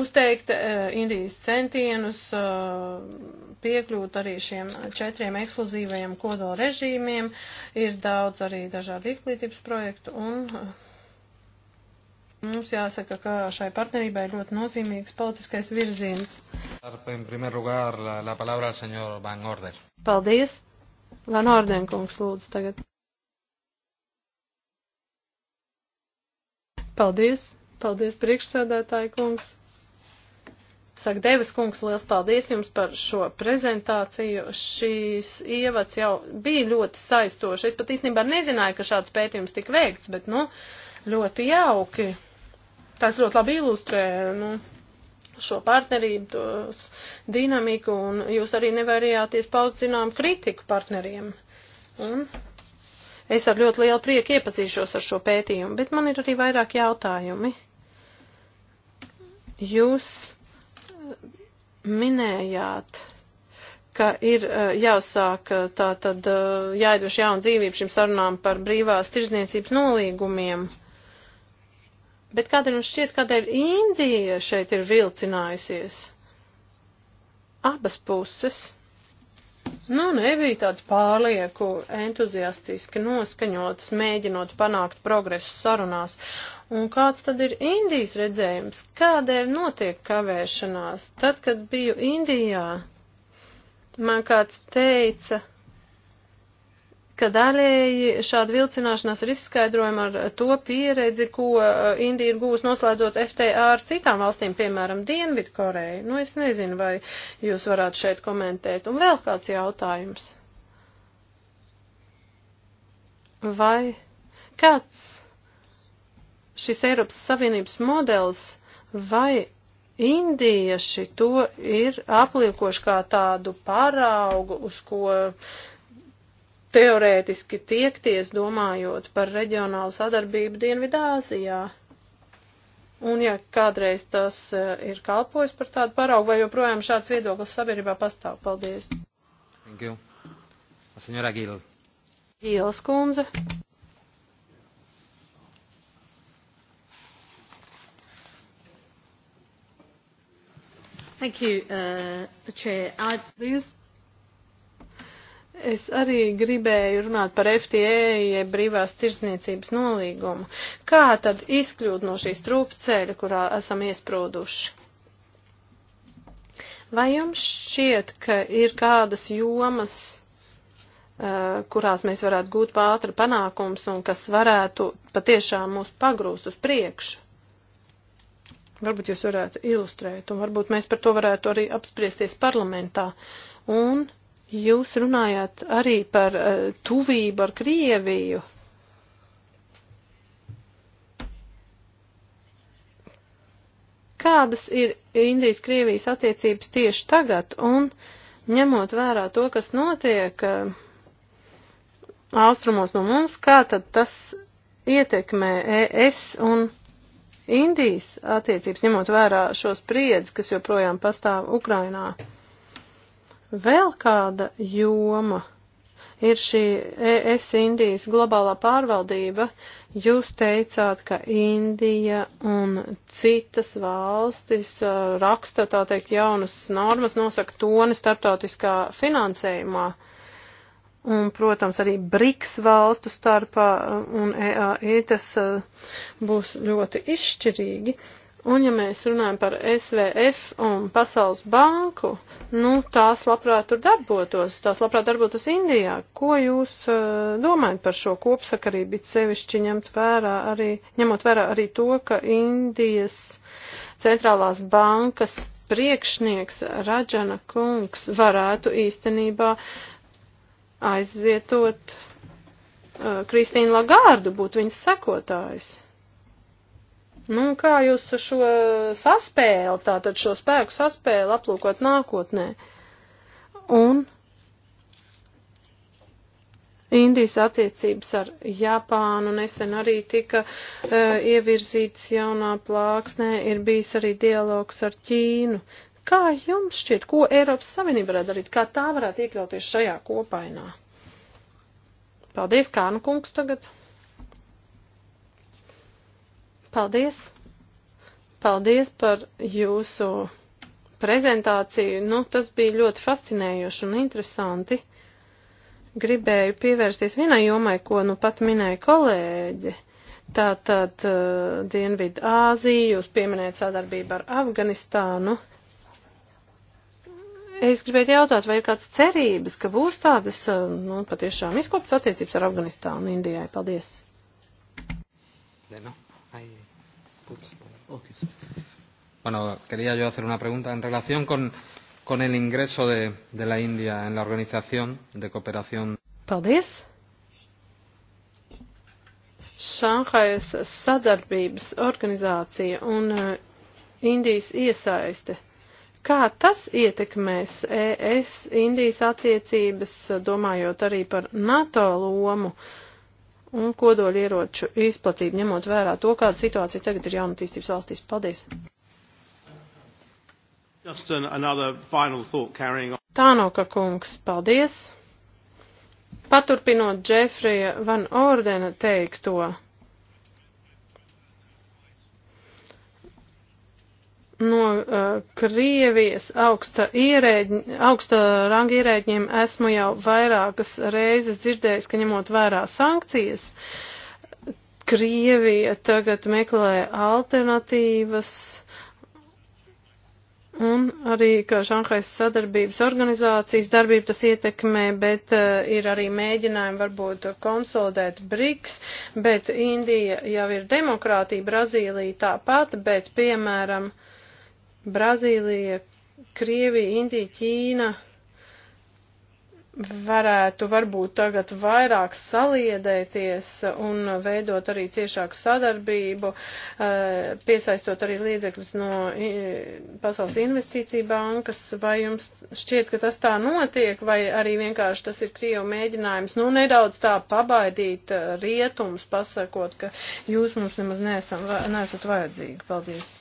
uzteikt uh, Indijas centienus uh, piekļūt arī šiem četriem ekskluzīvajiem kodola režīmiem. Ir daudz arī dažādu izglītības projektu un uh, Mums jāsaka, ka šai partnerībai ir ļoti nozīmīgs politiskais virziens. Lugar, la, la palabra, Van Orden. Paldies! Van Orden kungs lūdzu tagad. Paldies! Paldies, priekšsēdētāji kungs! Saka, Devas kungs, liels paldies jums par šo prezentāciju. Šīs ievads jau bija ļoti saistoši. Es pat īstenībā nezināju, ka šāds pētījums tika veikts, bet, nu, ļoti jauki. Tas ļoti labi ilustrē nu, šo partnerību, tos dinamiku, un jūs arī nevarējāties paust zinām kritiku partneriem. Un es ar ļoti lielu prieku iepazīšos ar šo pētījumu, bet man ir arī vairāk jautājumi. Jūs eh, minējāt ka ir eh, jāsāk eh, tā tad jāiedroš jauna dzīvība šīm sarunām par brīvās tirzniecības nolīgumiem. Bet kādēļ mums šķiet, kādēļ Indija šeit ir vilcinājusies? Abas puses. Nu, nebija nu, tāds pārlieku entuziastiski noskaņots, mēģinot panākt progresu sarunās. Un kāds tad ir Indijas redzējums? Kādēļ notiek kavēšanās? Tad, kad biju Indijā, man kāds teica, ka daļēji šāda vilcināšanās ir izskaidrojama ar to pieredzi, ko eh, Indija ir gūs noslēdzot FTA ar citām valstīm, piemēram, Dienvidkoreju. Nu, es nezinu, vai jūs varētu šeit komentēt. Un vēl kāds jautājums. Vai kāds šis Eiropas Savienības modelis vai indieši to ir apliekoši kā tādu paraugu, uz ko teorētiski tiekties, domājot par reģionālu sadarbību Dienvidāzijā. Un ja kādreiz tas eh, ir kalpojis par tādu paraugu, vai joprojām šāds viedoklis sabiedrībā pastāv? Paldies. Thank you. Senora Gil. Gīlas kundze. Thank you, uh, Chair. I... Please. Es arī gribēju runāt par FTA, e, jeb brīvās tirsniecības nolīgumu. Kā tad izkļūt no šīs trūpceļa, kurā esam iesprūduši? Vai jums šķiet, ka ir kādas jomas, eh, kurās mēs varētu gūt pātri panākums un kas varētu patiešām mūs pagrūst uz priekšu? Varbūt jūs varētu ilustrēt, un varbūt mēs par to varētu arī apspriesties parlamentā. Un Jūs runājāt arī par uh, tuvību ar Krieviju. Kādas ir Indijas-Krievijas attiecības tieši tagad un ņemot vērā to, kas notiek uh, austrumos no mums, kā tad tas ietekmē ES un Indijas attiecības, ņemot vērā šos priedzi, kas joprojām pastāv Ukrainā? Vēl kāda joma ir šī ES Indijas globālā pārvaldība. Jūs teicāt, ka Indija un citas valstis uh, raksta, tā teikt, jaunas normas, nosaka toni starptautiskā finansējumā. Un, protams, arī BRICS valstu starpā un EAE tas uh, būs ļoti izšķirīgi. Uh, Un ja mēs runājam par SVF un Pasaules banku, nu tās labprāt tur darbotos, tās labprāt darbotos Indijā. Ko jūs uh, domājat par šo kopsakarību, it sevišķi ņemt vērā arī, ņemot vērā arī to, ka Indijas centrālās bankas priekšnieks Raģana kungs varētu īstenībā aizvietot uh, Kristīnu Lagārdu, būt viņas sekotājs? Nu, kā jūs šo saspēli, tātad šo spēku saspēli aplūkot nākotnē? Un Indijas attiecības ar Japānu nesen arī tika uh, ievirzītas jaunā plāksnē, ir bijis arī dialogs ar Ķīnu. Kā jums šķiet, ko Eiropas Savienība varētu darīt, kā tā varētu iekļauties šajā kopainā? Paldies, Kānu kungs tagad! Paldies! Paldies par jūsu prezentāciju. Nu, tas bija ļoti fascinējoši un interesanti. Gribēju pievērsties vienai jomai, ko nu pat minēja kolēģi. Tātad uh, eh, Dienvidu Āziju, jūs pieminējat sadarbību ar Afganistānu. Es gribētu jautāt, vai ir kāds cerības, ka būs tādas, eh, nu, patiešām izkoptas attiecības ar Afganistānu un Indijai? Paldies. Ne, nu, ai, ai. Bueno, quería yo hacer una pregunta en relación con, con el ingreso de, de la India en la Organización de Cooperación. Paldies! Šanhajas sadarbības organizācija un uh, Indijas iesaiste. Kā tas ietekmēs ES Indijas attiecības, domājot arī par NATO lomu? Uh, un kodoli ieroču izplatību, ņemot vērā to, kāda situācija tagad ir jaunatīstības valstīs. Paldies! Just an, another final thought carrying on. Tānoka kungs, paldies! Paturpinot Džefrija Van Ordena teikto, no uh, Krievijas augsta, ierēģi, augsta ranga ierēģiem esmu jau vairākas reizes dzirdējis, ka ņemot vērā sankcijas, Krievija tagad meklē alternatīvas un arī, ka Šanhais sadarbības organizācijas darbību tas ietekmē, bet uh, ir arī mēģinājumi varbūt konsolidēt BRICS, bet Indija jau ir demokrātija, Brazīlija tāpat, bet piemēram, uh, Brazīlija, Krievija, Indija, Ķīna varētu varbūt tagad vairāk saliedēties un veidot arī ciešāku sadarbību, eh, piesaistot arī līdzekļus no Pasaules investīcija bankas, vai jums šķiet, ka tas tā notiek, vai arī vienkārši tas ir Krievu mēģinājums, nu, nedaudz tā pabaidīt eh, rietums, pasakot, ka jūs mums nemaz neesam, neesat vajadzīgi. Paldies!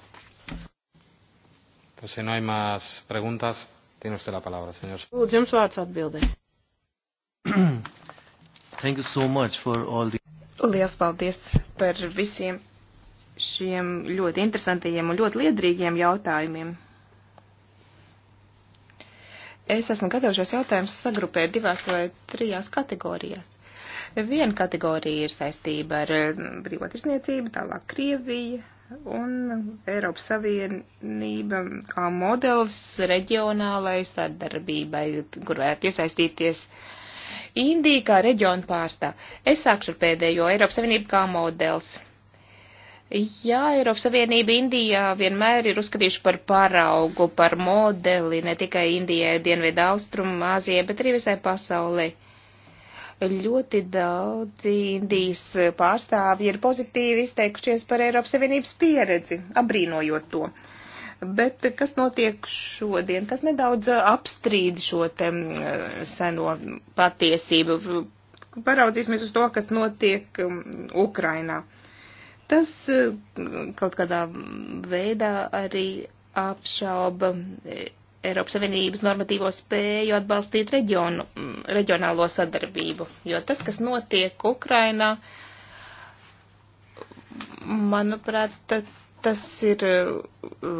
Pues, si no hay más preguntas, tiene usted la palabra, señor. Lūdzu, jums vārds atbildē. Thank you so much for all the... Lielas paldies par visiem šiem ļoti interesantajiem un ļoti liedrīgiem jautājumiem. Es esmu gatavs šos jautājumus sagrupēt divās vai trijās kategorijās. Viena kategorija ir saistība ar eh, brīvo tirzniecību, tālāk Krievija un Eiropas Savienība kā modelis reģionālai sadarbībai, kur varētu iesaistīties. Indija kā reģiona pārstāv. Es sākšu ar pēdējo Eiropas Savienību kā modelis. Jā, Eiropas Savienība Indijā vienmēr ir uzskatījuši par paraugu, par modeli ne tikai Indijai, Dienvidu Austrumu, Āzijai, bet arī visai pasaulē. Uh, ļoti daudzi Indijas pārstāvji ir pozitīvi izteikušies par Eiropas Savienības pieredzi, apbrīnojot to. Bet kas notiek šodien? Tas nedaudz apstrīd šo te seno patiesību. Paraudzīsimies uz to, kas notiek Ukrainā. Tas kaut kādā veidā arī apšauba Eiropas Savienības normatīvo spēju atbalstīt reģionu, mm, reģionālo sadarbību, jo tas, kas notiek Ukrainā, manuprāt, tas ir uh,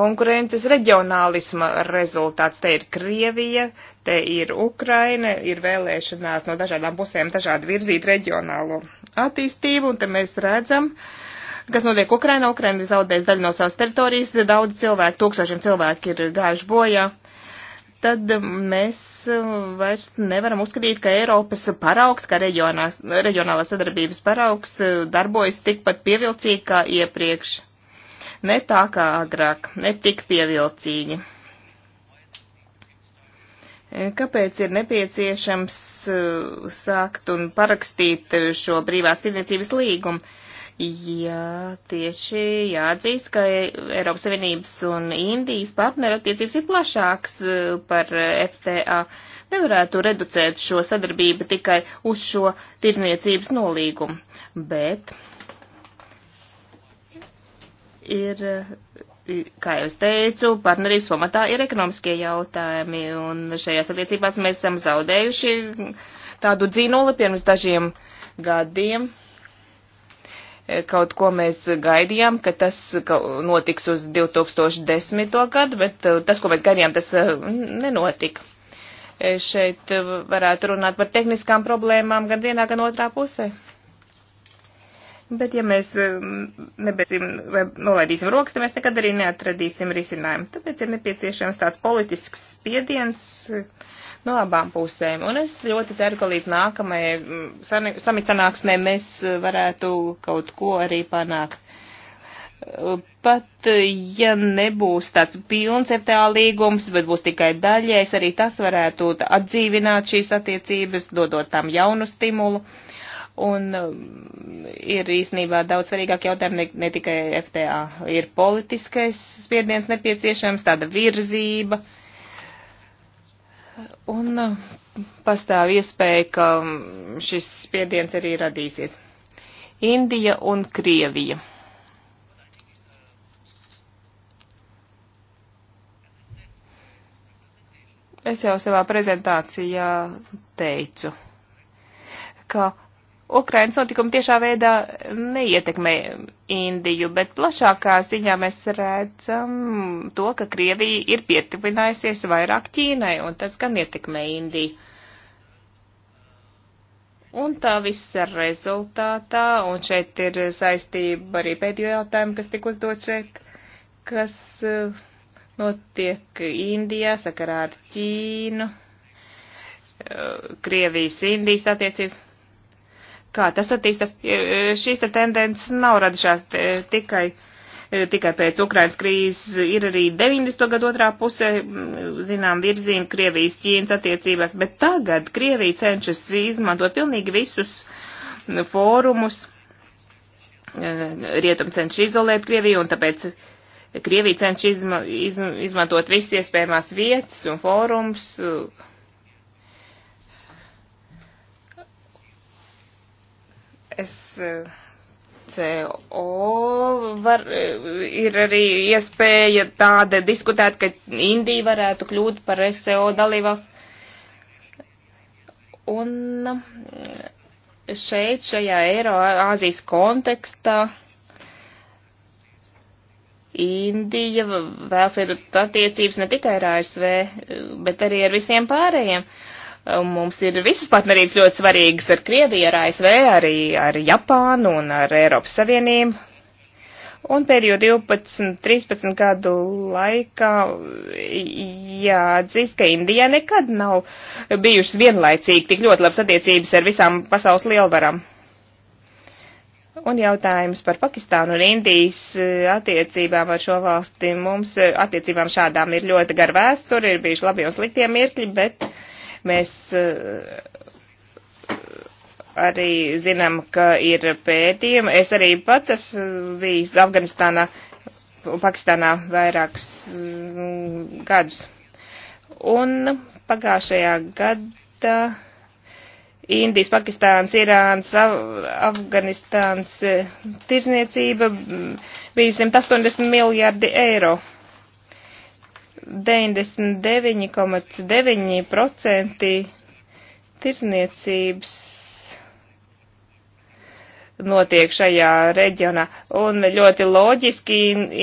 konkurences reģionālisma rezultāts. Te ir Krievija, te ir Ukraina, ir vēlēšanās no dažādām pusēm dažādi virzīt reģionālo attīstību, un te mēs redzam, uh, kas notiek Ukrainā. Ukraina ir zaudējusi daļu no savas teritorijas, daudz cilvēku, tūkstošiem cilvēku ir gājuši bojā. Tad mēs uh, vairs nevaram uzskatīt, ka Eiropas paraugs, kā reģionās, reģionālās sadarbības paraugs, uh, darbojas tikpat pievilcīgi kā iepriekš. Ne tā kā agrāk, ne tik pievilcīgi kāpēc ir nepieciešams uh, sākt un parakstīt šo brīvās tirdzniecības līgumu. Jā, tieši jāatzīst, ka Eiropas Savienības un Indijas partnerattiecības ir plašāks e, par FTA. Nevarētu reducēt šo sadarbību tikai uz šo tirzniecības nolīgumu, bet ir, e, kā jau es teicu, partnerības pamatā ir ekonomiskie jautājumi, un šajās attiecībās mēs esam zaudējuši tādu dzinuli pirms dažiem gadiem kaut ko mēs gaidījām, ka tas notiks uz 2010. gadu, bet uh, tas, ko mēs gaidījām, tas uh, nenotika. Uh, šeit varētu runāt par tehniskām problēmām gan vienā, gan otrā pusē. Bet ja mēs um, nebesim vai nolaidīsim rokas, tad mēs nekad arī neatradīsim risinājumu. Tāpēc ir nepieciešams tāds politisks spiediens uh, no abām pusēm. Un es ļoti ceru, ka līdz nākamajai mm, samicanāksmē mēs uh, varētu kaut ko arī panākt. Uh, pat ja nebūs tāds pilns FTA līgums, bet būs tikai daļais, arī tas varētu atdzīvināt šīs attiecības, dodot tam jaunu stimulu. Uh, Un um, ir īstenībā daudz svarīgāk jautājumi, ne, ne tikai FTA. Ir politiskais spiediens nepieciešams, tāda virzība. Un um, pastāv iespēja, ka um, šis spiediens arī radīsies. Indija un Krievija. Es jau savā prezentācijā teicu, ka Ukrainas notikumi tiešā veidā neietekmē Indiju, bet plašākā ziņā mēs redzam to, ka Krievija ir pietuvinājusies vairāk Ķīnai, un tas gan ietekmē Indiju. Un tā visa rezultātā, un šeit ir saistība arī pēdējo jautājumu, kas tika uzdot šeit, kas eh, notiek Indijā sakarā ar Ķīnu, eh, Krievijas, Indijas attiecības kā tas attīstās. Šīs te tendences nav radušās tikai. Tikai pēc Ukrainas krīzes ir arī 90. gadu otrā puse, zinām, virzīme Krievijas Ķīnas attiecībās, bet tagad Krievija cenšas izmantot pilnīgi visus fórumus. Rietumi cenšas izolēt Krieviju un tāpēc Krievija cenšas izma, iz, izmantot visas iespējamās vietas un fórums. Uh, SCO eh, var, eh, ir arī iespēja tāda diskutēt, ka Indija varētu kļūt par SCO dalībvalsts. Un eh, šeit, šajā Eiroāzijas kontekstā, Indija vēlas veidot attiecības ne tikai ar ASV, bet arī ar visiem pārējiem. Uh, Um, mums ir visas partnerības ļoti svarīgas ar Krieviju, ar ASV, arī ar Japānu un ar Eiropas Savienību. Un pēdējo 12, 13 gadu laikā jāatzīst, ka Indijā nekad nav bijušas vienlaicīgi tik ļoti labas attiecības ar visām pasaules lielvaram. Un jautājums par Pakistānu un Indijas eh, attiecībām ar šo valsti. Mums eh, attiecībām šādām ir ļoti gara vēsture, ir bijuši labi un sliktie mirkļi, bet. Uh, Mēs eh, arī zinām, ka ir pētījumi. Es arī pats esmu bijis Afganistānā un Pakistānā vairākus mm, gadus. Un pagājušajā gadā Indijas, Pakistāns, Irāns, Afganistāns eh, tirzniecība mm, bija 180 miljardi eiro. 99,9% tirzniecības notiek šajā reģionā. Un ļoti loģiski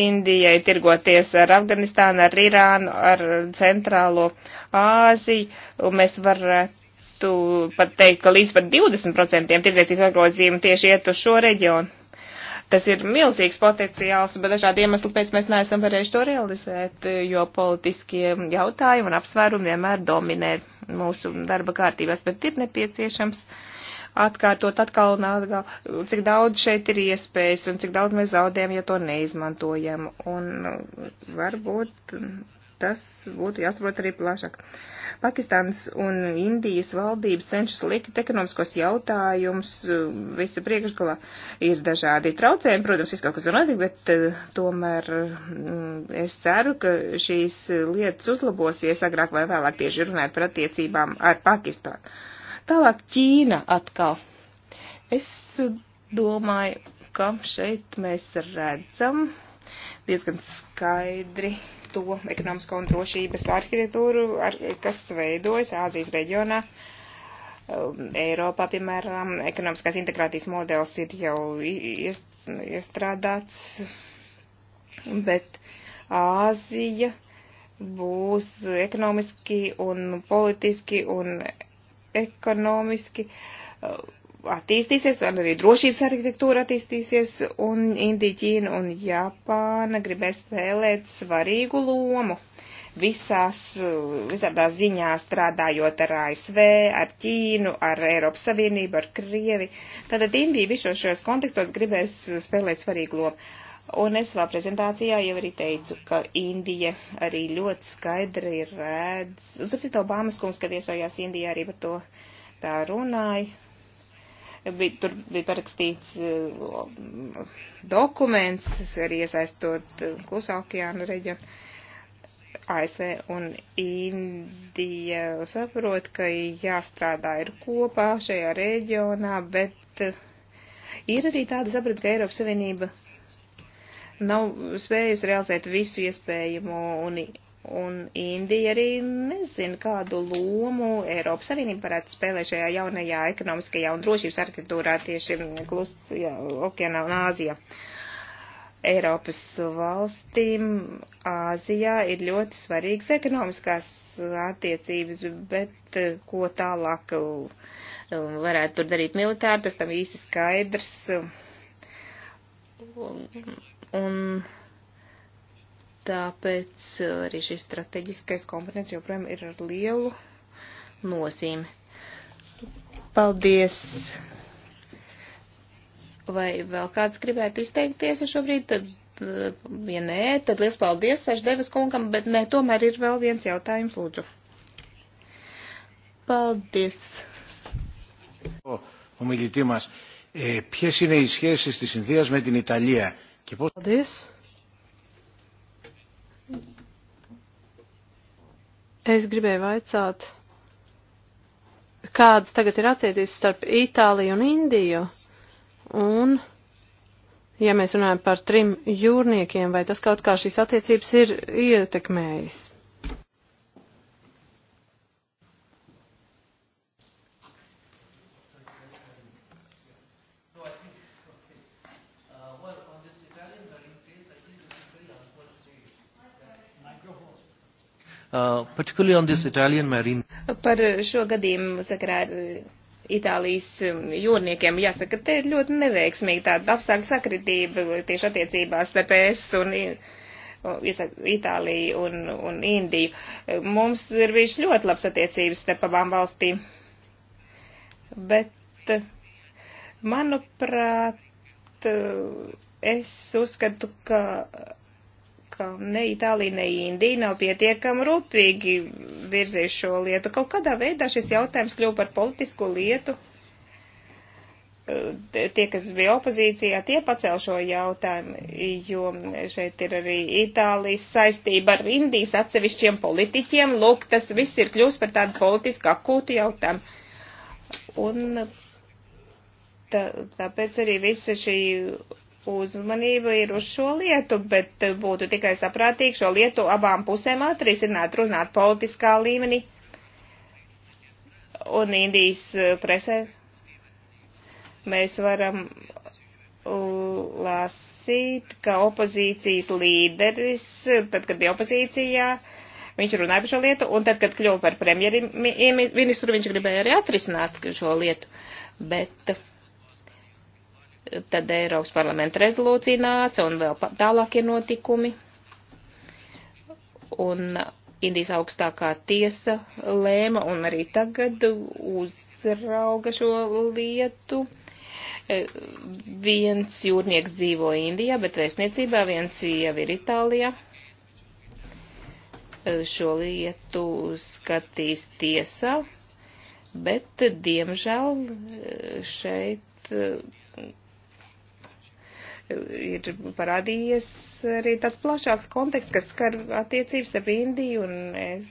Indijai tirgoties ar Afganistānu, ar Irānu, ar Centrālo Āziju, un mēs varētu pat teikt, ka līdz pat 20% tirzniecības apgrozījuma tieši iet uz šo reģionu tas ir milzīgs potenciāls, bet dažādi iemesli pēc mēs neesam varējuši to realizēt, jo politiskie jautājumi un apsvērumi vienmēr dominē mūsu darba kārtībās, bet ir nepieciešams atkārtot atkal un atkal, cik daudz šeit ir iespējas un cik daudz mēs zaudējam, ja to neizmantojam. Un varbūt tas būtu jāsaprot arī plašāk. Pakistānas un Indijas valdības cenšas likt ekonomiskos jautājumus eh, visa priekšgalā. Ir dažādi traucējumi, protams, viss kaut kas var notikt, bet eh, tomēr mm, es ceru, ka šīs lietas uzlabosies agrāk vai vēlāk tieši runājot par attiecībām ar Pakistānu. Tālāk Ķīna atkal. Es domāju, ka šeit mēs redzam diezgan skaidri to ekonomisko un drošības arhitektūru, ar, kas veidojas Āzijas reģionā. Um, Eiropā, piemēram, ekonomiskās integrācijas modelis ir jau iestrādāts, bet Āzija būs ekonomiski un politiski un ekonomiski uh, attīstīsies, un arī drošības arhitektūra attīstīsies, un Indija, Ķīna un Japāna gribēs spēlēt svarīgu lomu visās, visādā ziņā strādājot ar ASV, ar Ķīnu, ar Eiropas Savienību, ar Krievi. Tātad Indija visos šajos kontekstos gribēs spēlēt svarīgu lomu. Un es savā prezentācijā jau arī teicu, ka Indija arī ļoti skaidri redz, un sapcīt Obamas kungs, kad iesojās Indijā, arī par to tā runāja, bija, tur bija parakstīts eh, dokuments, arī iesaistot eh, klusā okeāna reģionu. ASV un Indija saprot, ka jāstrādā ir kopā šajā reģionā, bet eh, ir arī tāda saprat, ka Eiropas Savienība nav spējusi realizēt visu iespējamo un Un Indija arī nezina, kādu lomu Eiropas Savienība varētu spēlēt šajā jaunajā ekonomiskajā un drošības arhitektūrā tieši klusajā okeānā un Āzijā. Eiropas valstīm Āzijā ir ļoti svarīgas ekonomiskās attiecības, bet eh, ko tālāk eh, varētu tur darīt militāri, tas tam īsti skaidrs. Un, un Tāpēc eh, arī šis strateģiskais komponents joprojām ir ar lielu nozīmi. Paldies! Vai vēl kāds gribētu izteikties šobrīd? Tad, eh, ja nē, tad liels paldies Sešdevas kungam, bet nē, tomēr ir vēl viens jautājums, lūdzu. Paldies! Ο μιλητή μας, ε, ποιες είναι οι σχέσεις της Ινδίας με την Ιταλία και πώς... Paldies! Es gribēju vaicāt, kādas tagad ir attiecības starp Itāliju un Indiju? Un, ja mēs runājam par trim jūrniekiem, vai tas kaut kā šīs attiecības ir ietekmējis? uh, particularly on this Italian marine. Par šo gadījumu sakarā ar uh, Itālijas um, jūrniekiem jāsaka, te ir ļoti neveiksmīga tāda apstākļu sakritība tieši attiecībās starp es un Itāliju un, un Indiju. Mums ir bijuši ļoti labs attiecības starp abām valstīm. Bet, uh, manuprāt, uh, es uzskatu, ka ka ne Itālija, ne Indija nav pietiekami rūpīgi virzījis šo lietu. Kaut kādā veidā šis jautājums kļūpa par politisku lietu. Tie, kas bija opozīcijā, tie pacēl šo jautājumu, jo šeit ir arī Itālijas saistība ar Indijas atsevišķiem politiķiem. Lūk, tas viss ir kļūst par tādu politisku akūtu jautājumu. Un tā, tāpēc arī visa šī uzmanība ir uz šo lietu, bet būtu tikai saprātīgi šo lietu abām pusēm atrisināt, runāt politiskā līmenī un Indijas eh, presē. Mēs varam lasīt, ka opozīcijas līderis, tad, kad bija opozīcijā, viņš runāja par šo lietu, un tad, kad kļuva par premjeri ministru, viņš gribēja arī atrisināt šo lietu. Bet uh, tad Eiropas parlamenta rezolūcija nāca un vēl tālākie notikumi. Un Indijas augstākā tiesa lēma un arī tagad uzrauga šo lietu. E, viens jūrnieks dzīvo Indijā, bet vēstniecībā viens jau ir Itālijā. E, šo lietu skatīs tiesā, bet diemžēl e, šeit ir parādījies arī tāds plašāks konteksts, kas skar attiecības ar Indiju un es.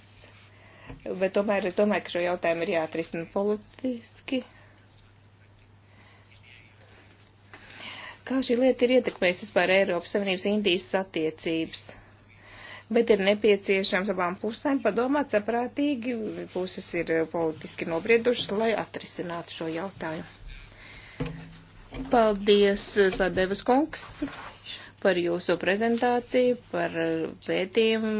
Bet tomēr es domāju, ka šo jautājumu ir jāatrisina politiski. Kā šī lieta ir ietekmējusi vispār Eiropas Savienības Indijas attiecības? bet ir nepieciešams abām pusēm padomāt saprātīgi, puses ir politiski nobriedušas, lai atrisinātu šo jautājumu. Paldies, eh, Sadevas kungs, par jūsu prezentāciju, par eh, pētījumu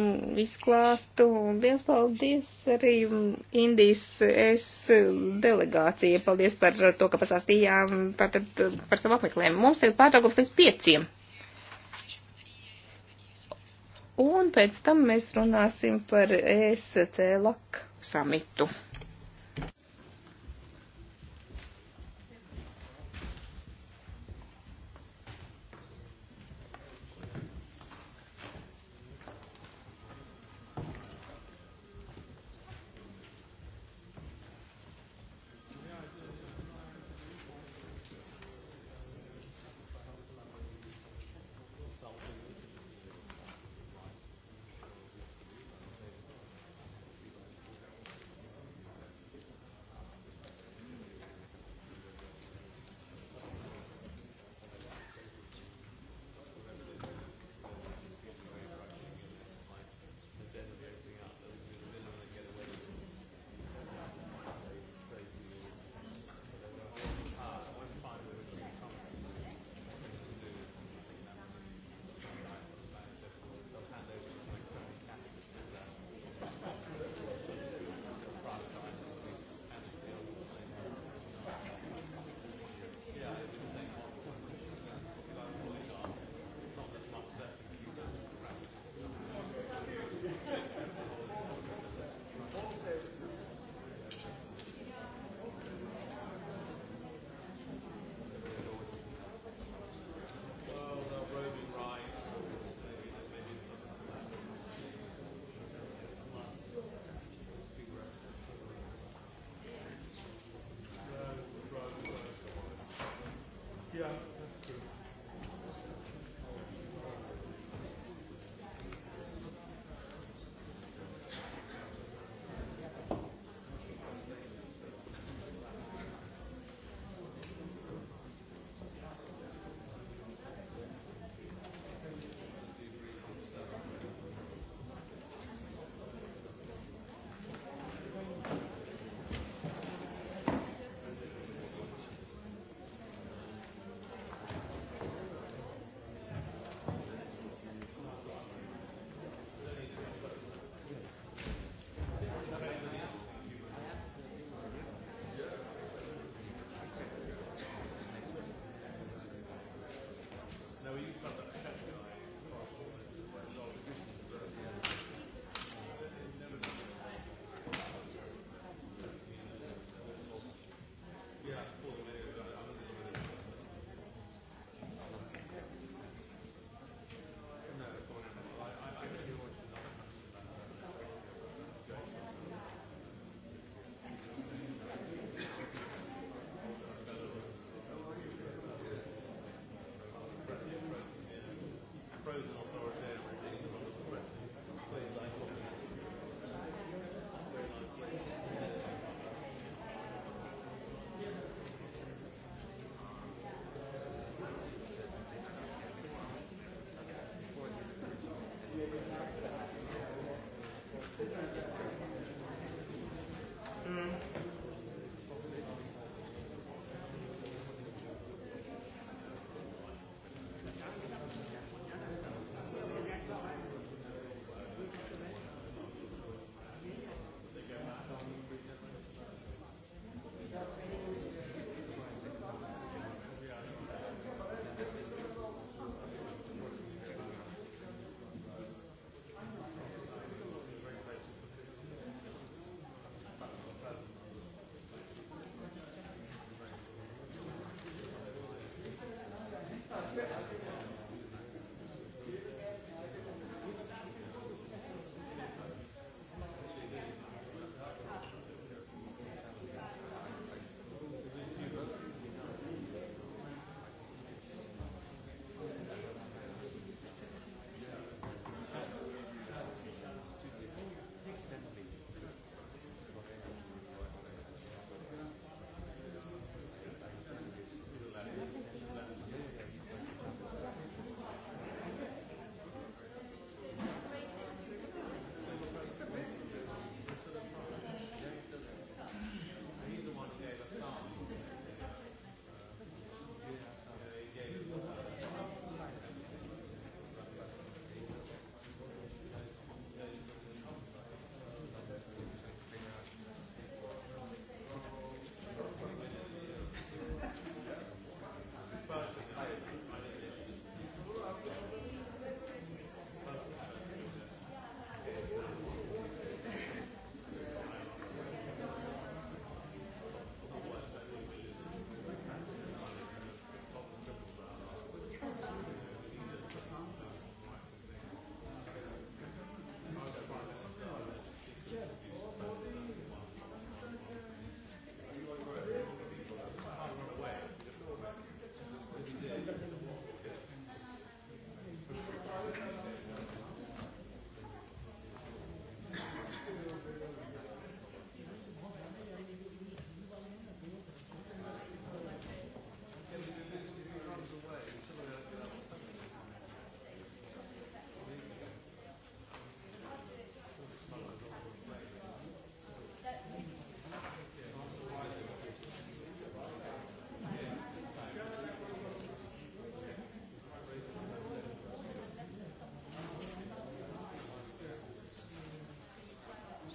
izklāstu. Un liels paldies arī mm, Indijas es delegācija. Paldies par to, ka pasāstījām tātad par savu apmeklējumu. Mums ir pārtraukums līdz pieciem. Un pēc tam mēs runāsim par ESC LAK samitu.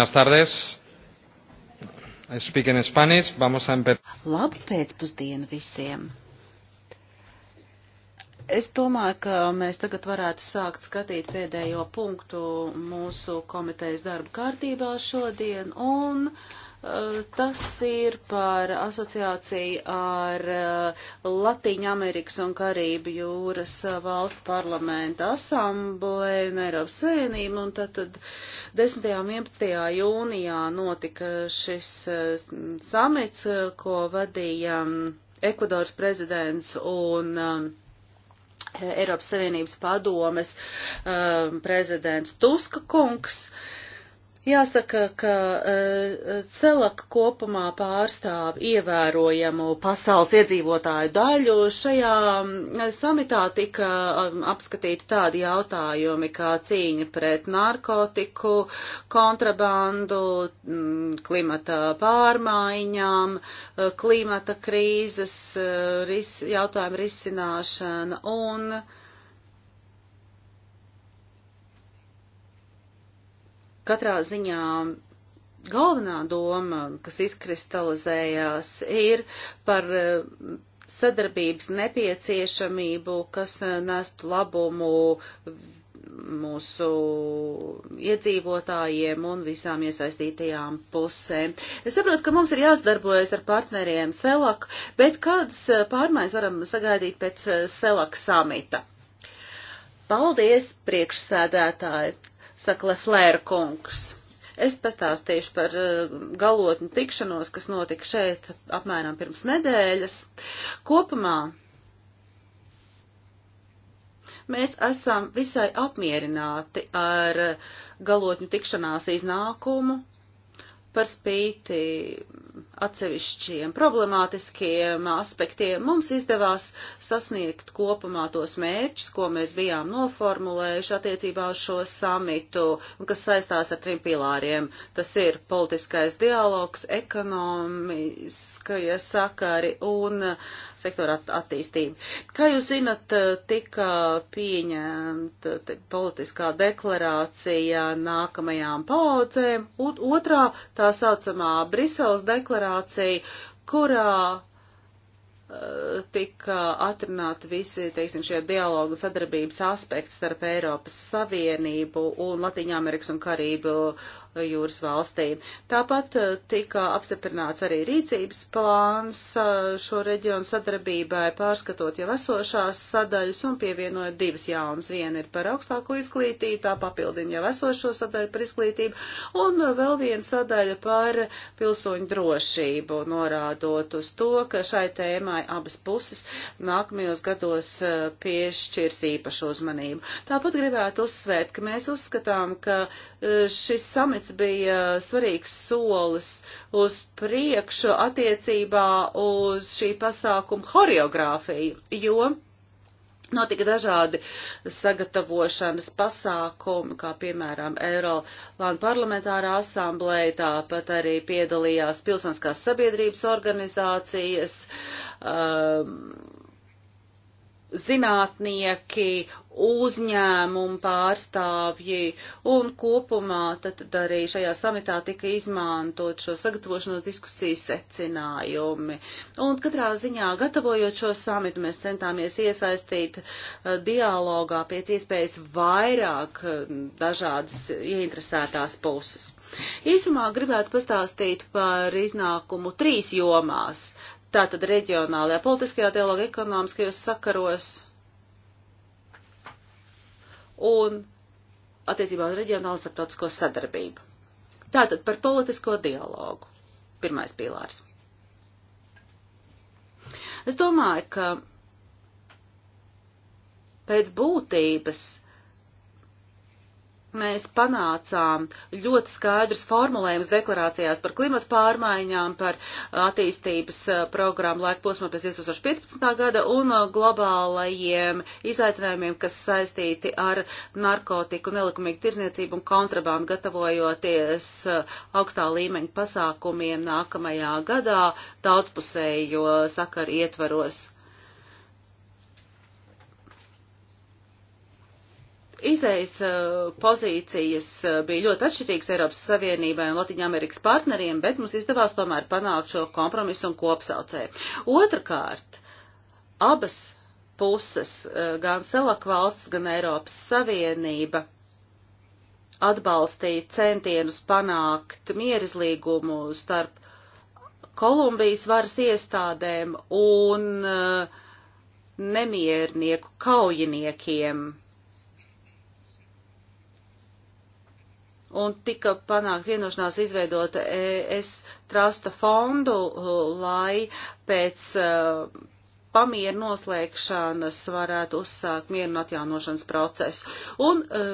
Buenas tardes. I speak in Spanish. Vamos a empezar. Labu pēcpusdienu visiem. Es domāju, ka mēs tagad varētu sākt skatīt pēdējo punktu mūsu komitejas darba kārtībā šodien, un uh, tas ir par asociāciju ar uh, Latīņu Amerikas un Karību jūras uh, valstu parlamentu asambleju un Eiropas savienību, un tad, tad uh, 10. un 11. jūnijā notika šis eh, samits, eh, ko vadīja mm, Ekvadoras prezidents un mm, Eiropas Savienības padomes mm, prezidents Tuska kungs. Uh, Jāsaka, ka eh, celak kopumā pārstāv ievērojamu pasaules iedzīvotāju daļu. Šajā mm, samitā tika eh, apskatīti tādi jautājumi kā cīņa pret narkotiku, kontrabandu, mm, klimata pārmaiņām, eh, klimata krīzes ris, jautājumu risināšana un Katrā ziņā galvenā doma, kas izkristalizējās, ir par eh, sadarbības nepieciešamību, kas eh, nestu labumu mūsu iedzīvotājiem un visām iesaistītajām pusēm. Es saprotu, ka mums ir jāsadarbojas ar partneriem SELAK, bet kādas eh, pārmaiņas varam sagaidīt pēc SELAK samita? Paldies, priekšsēdētāji! saka Leflēra kungs. Es pastāstīšu par eh, galotņu tikšanos, kas notika šeit apmēram pirms nedēļas. Kopumā mēs esam visai apmierināti ar eh, galotņu tikšanās iznākumu par spīti atsevišķiem problemātiskiem aspektiem mums izdevās sasniegt kopumā tos mērķus, ko mēs bijām noformulējuši attiecībā uz šo samitu, kas saistās ar trim pilāriem. Tas ir politiskais dialogs, ekonomiskajie sakari un uh, sektora at attīstība. Kā jūs zinat, uh, tika pieņemta politiskā deklarācija nākamajām paudzēm, un otrā tā saucamā Briseles deklarācija deklarāciju, kurā eh, tika atrunāti visi, teiksim, šie dialogu sadarbības aspekti starp Eiropas Savienību un Latīņā Amerikas un Karību jūras valstīm. Tāpat eh, tika apstiprināts arī rīcības plāns eh, šo reģionu sadarbībai, pārskatot jau esošās sadaļas un pievienojot divas jaunas. Viena ir par augstāko izglītību, tā papildina jau esošo sadaļu par izglītību, un eh, vēl viena sadaļa par pilsoņu drošību, norādot uz to, ka šai tēmai abas puses nākamajos gados piešķirs īpašu uzmanību. Tāpat gribētu uzsvērt, ka mēs uzskatām, ka šis samits parlaments bija uh, svarīgs solis uz priekšu attiecībā uz šī pasākuma horeogrāfiju, jo Notika dažādi sagatavošanas pasākumi, kā piemēram Eirolanda parlamentārā asamblēja, tāpat arī piedalījās pilsoniskās sabiedrības organizācijas, um, zinātnieki, uzņēmumu pārstāvji un kopumā tad arī šajā samitā tika izmantot šo sagatavošanos diskusiju secinājumi. Un katrā ziņā gatavojot šo samitu mēs centāmies iesaistīt eh, dialogā pēc iespējas vairāk eh, dažādas ieinteresētās puses. Īsumā gribētu pastāstīt par iznākumu trīs jomās Tātad reģionālajā politiskajā dialoga ekonomiskajos sakaros un attiecībā uz reģionālo starptautisko sadarbību. Tātad par politisko dialogu. Pirmais pīlārs. Es domāju, ka pēc būtības mēs panācām ļoti skaidrs formulējums deklarācijās par klimatu pārmaiņām, par attīstības programmu laikposmā pēc 2015. gada un globālajiem izaicinājumiem, kas saistīti ar narkotiku, nelikumīgu tirzniecību un kontrabandu, gatavojoties augstā līmeņa pasākumiem nākamajā gadā daudzpusējo sakaru ietvaros. Izejas eh, pozīcijas eh, bija ļoti atšķirīgas Eiropas Savienībai un Latvijas-Amerikas partneriem, bet mums izdevās tomēr panākt šo kompromisu un kopsaucē. Otrakārt, abas puses, eh, gan Selak valsts, gan Eiropas Savienība atbalstīja centienus panākt mierizlīgumu starp Kolumbijas varas iestādēm un nemiernieku kaujiniekiem un tika panākt vienošanās izveidot ES trasta fondu, uh, lai pēc uh, pamieru noslēgšanas varētu uzsākt mieru un atjaunošanas procesu. Un uh,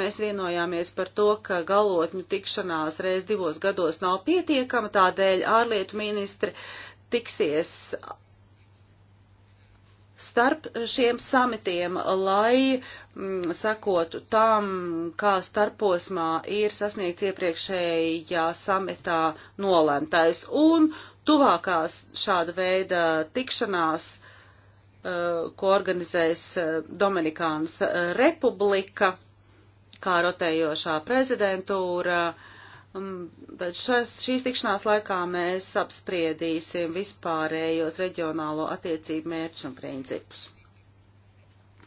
mēs vienojāmies par to, ka galotņu tikšanās reiz divos gados nav pietiekama, tādēļ ārlietu ministri tiksies starp šiem samitiem, lai mm, sakotu tam, kā starposmā ir sasniegts iepriekšējā samitā nolēmtais. Un tuvākās šāda veida tikšanās, eh, ko organizēs eh, Dominikānas eh, republika, kā rotējošā prezidentūra, uh, Tad šas, šīs tikšanās laikā mēs apspriedīsim vispārējos reģionālo attiecību mērķus un principus.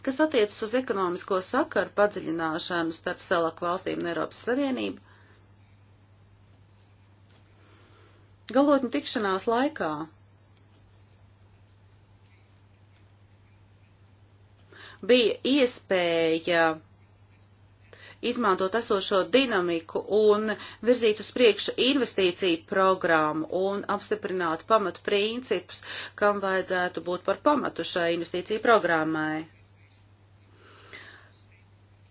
Kas attiecas uz ekonomisko sakaru padziļināšanu starp salaku valstīm un Eiropas Savienību, galotņu tikšanās laikā bija iespēja izmantot esošo dinamiku un virzīt uz priekšu investīciju programmu un apstiprināt pamatu principus, kam vajadzētu būt par pamatu šai investīciju programmai.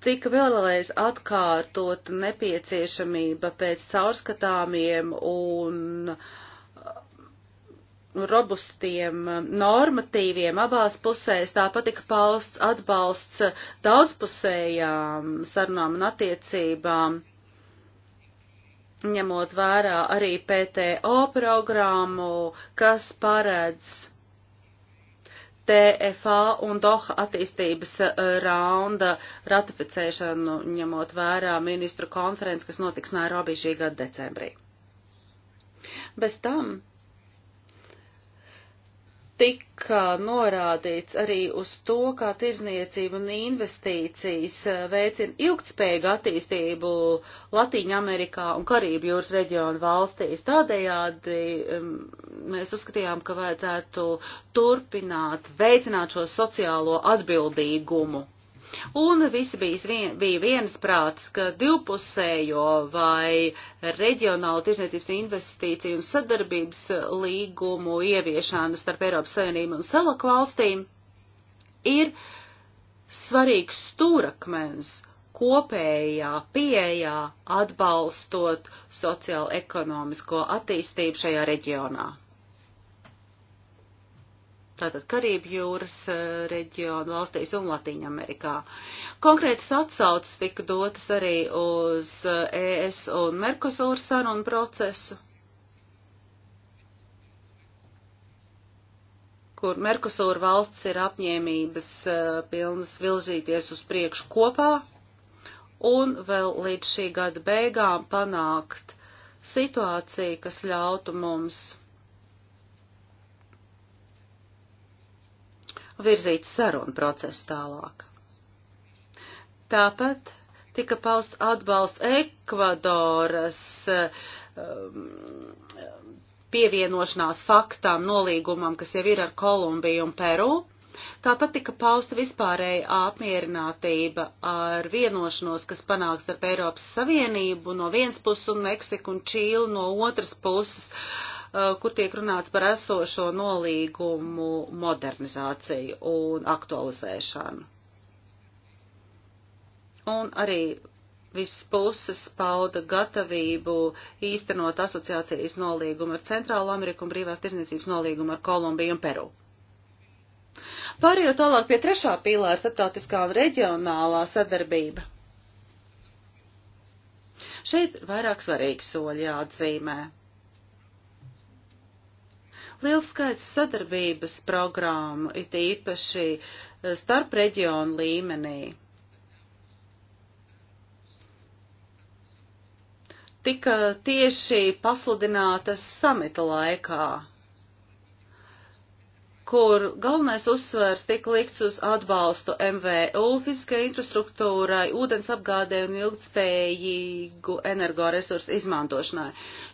Tika vēlreiz atkārtot nepieciešamība pēc caurskatāmiem un uh, robustiem um, normatīviem abās pusēs, tāpat tika pausts atbalsts daudzpusējām sarunām un attiecībām, ņemot vērā arī PTO programmu, kas paredz TFA un Doha attīstības uh, raunda ratificēšanu, ņemot vērā ministru konferences, kas notiks Nairobi šī gada decembrī. Bez tam tika norādīts arī uz to, kā tirzniecība un investīcijas eh, veicina ilgtspējīgu attīstību Latīņa Amerikā un Karību jūras reģionu valstīs. Tādējādi mēs uzskatījām, ka vajadzētu turpināt veicināt šo sociālo atbildīgumu Un visi bija, bija vienas prātas, ka divpusējo vai reģionālu tirsniecības investīciju un sadarbības līgumu ieviešana starp Eiropas Savienību un Salaku valstīm ir svarīgs stūrakmens kopējā pieejā atbalstot sociālo-ekonomisko attīstību šajā reģionā tātad Karību jūras eh, reģionu valstīs un Latīņa Amerikā. Konkrētas atsaucas tika dotas arī uz ES eh, e un Merkosūra sarunu procesu, kur Merkosūra valsts ir apņēmības eh, pilnas vilzīties uz priekšu kopā un vēl līdz šī gada beigām panākt situāciju, kas ļautu mums virzīt sarunu procesu tālāk. Tāpat tika pausts atbalsts Ekvadoras um, pievienošanās faktām nolīgumam, kas jau ir ar Kolumbiju un Peru. Tāpat tika pausta vispārēja apmierinātība ar vienošanos, kas panāks ar Eiropas Savienību no vienas puses un Meksiku un Čīlu no otras puses. Uh, Eh, kur tiek runāts par esošo nolīgumu modernizāciju un aktualizēšanu. Un arī visas puses pauda gatavību īstenot asociācijas nolīgumu ar Centrālu Ameriku un brīvās tirdzniecības nolīgumu ar Kolumbiju un Peru. Pārējot tālāk pie trešā pīlāra - starptautiskā un reģionālā sadarbība. Šeit vairāk svarīgi soļi jāatzīmē. Liels skaits sadarbības programmu, it īpaši eh, starp reģionu līmenī. Tika tieši pasludinātas samita laikā kur galvenais uzsvērs tika likts uz atbalstu MVU, fiziskai infrastruktūrai, ūdens apgādē un ilgtspējīgu energoresursu izmantošanai.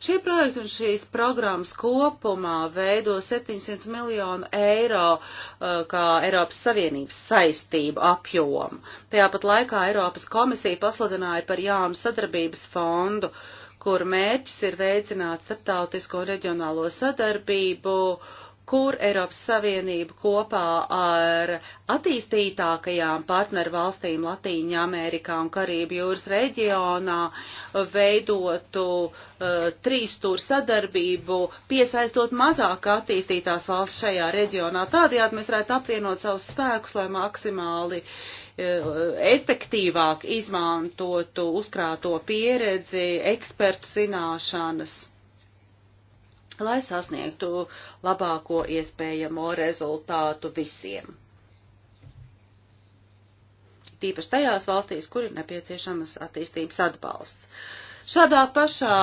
Šie projekti un šīs programmas kopumā veido 700 miljonu eiro uh, kā Eiropas Savienības saistību apjomu. Tajāpat laikā Eiropas komisija pasludināja par jaunu sadarbības fondu, kur mērķis ir veicināt starptautisko reģionālo sadarbību, uh, kur Eiropas Savienība kopā ar attīstītākajām partneru valstīm Latīņa Amerikā un Karību jūras reģionā veidotu uh, trīsstūru sadarbību, piesaistot mazāk attīstītās valsts šajā reģionā. Tādējādi mēs varētu apvienot savus spēkus, lai maksimāli uh, efektīvāk izmantotu uzkrāto pieredzi, ekspertu zināšanas lai sasniegtu labāko iespējamo rezultātu visiem. Tīpaši tajās valstīs, kur ir nepieciešamas attīstības atbalsts. Šādā pašā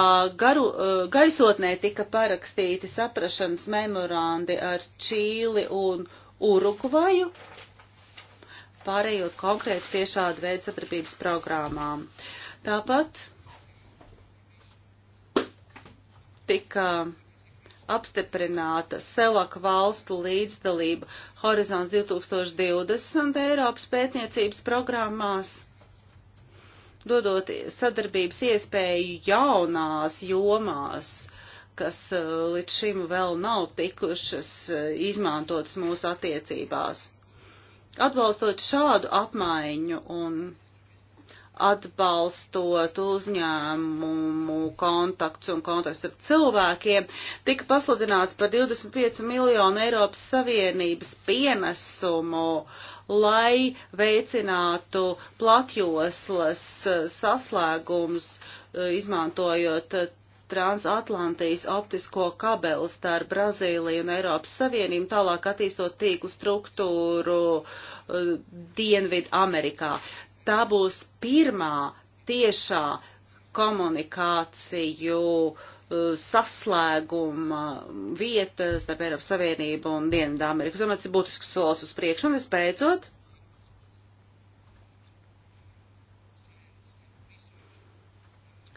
garu, eh, gaisotnē tika parakstīti saprašanas memorandi ar Čīli un Urugvaju, pārējot konkrēti pie šāda veida sadarbības programmām. Tāpat tika apstiprināta SELAK valstu līdzdalība Horizons 2020 Eiropas pētniecības programmās, dodot sadarbības iespēju jaunās jomās, kas eh, līdz šim vēl nav tikušas eh, izmantotas mūsu attiecībās. Atbalstot šādu apmaiņu un atbalstot uzņēmumu kontakts un kontakts ar cilvēkiem, tika pasludināts par 25 miljonu Eiropas Savienības pienesumu, lai veicinātu platjoslas saslēgums, izmantojot transatlantijas optisko kabeli starp Brazīliju un Eiropas Savienību, tālāk attīstot tīklu struktūru uh, Dienvidu Amerikā tā būs pirmā tiešā komunikāciju uh, saslēguma vietas starp Eiropas Savienību un Dienvidāmeriku. Es domāju, tas ir būtisks solis uz priekšu. Un visbeidzot,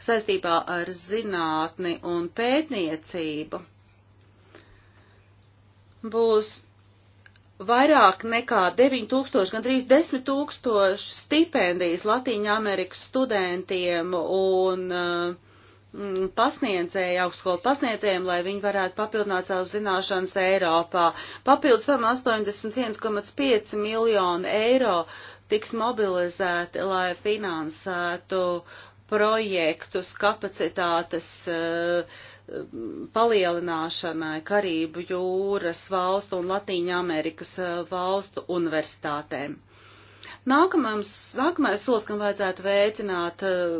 saistībā ar zinātni un pētniecību būs vairāk nekā 9000, gandrīz 10 tūkstoši stipendijas Latīņa Amerikas studentiem un uh, mm, pasniedzēju, augstskolu pasniedzējiem, lai viņi varētu papildināt savas zināšanas Eiropā. Papildus tam 81,5 miljonu eiro tiks mobilizēti, lai finansētu projektus kapacitātes uh, palielināšanai Karību jūras valstu un Latīņa Amerikas eh, valstu universitātēm. Nākamais, nākamais solis, kam vajadzētu veicināt eh,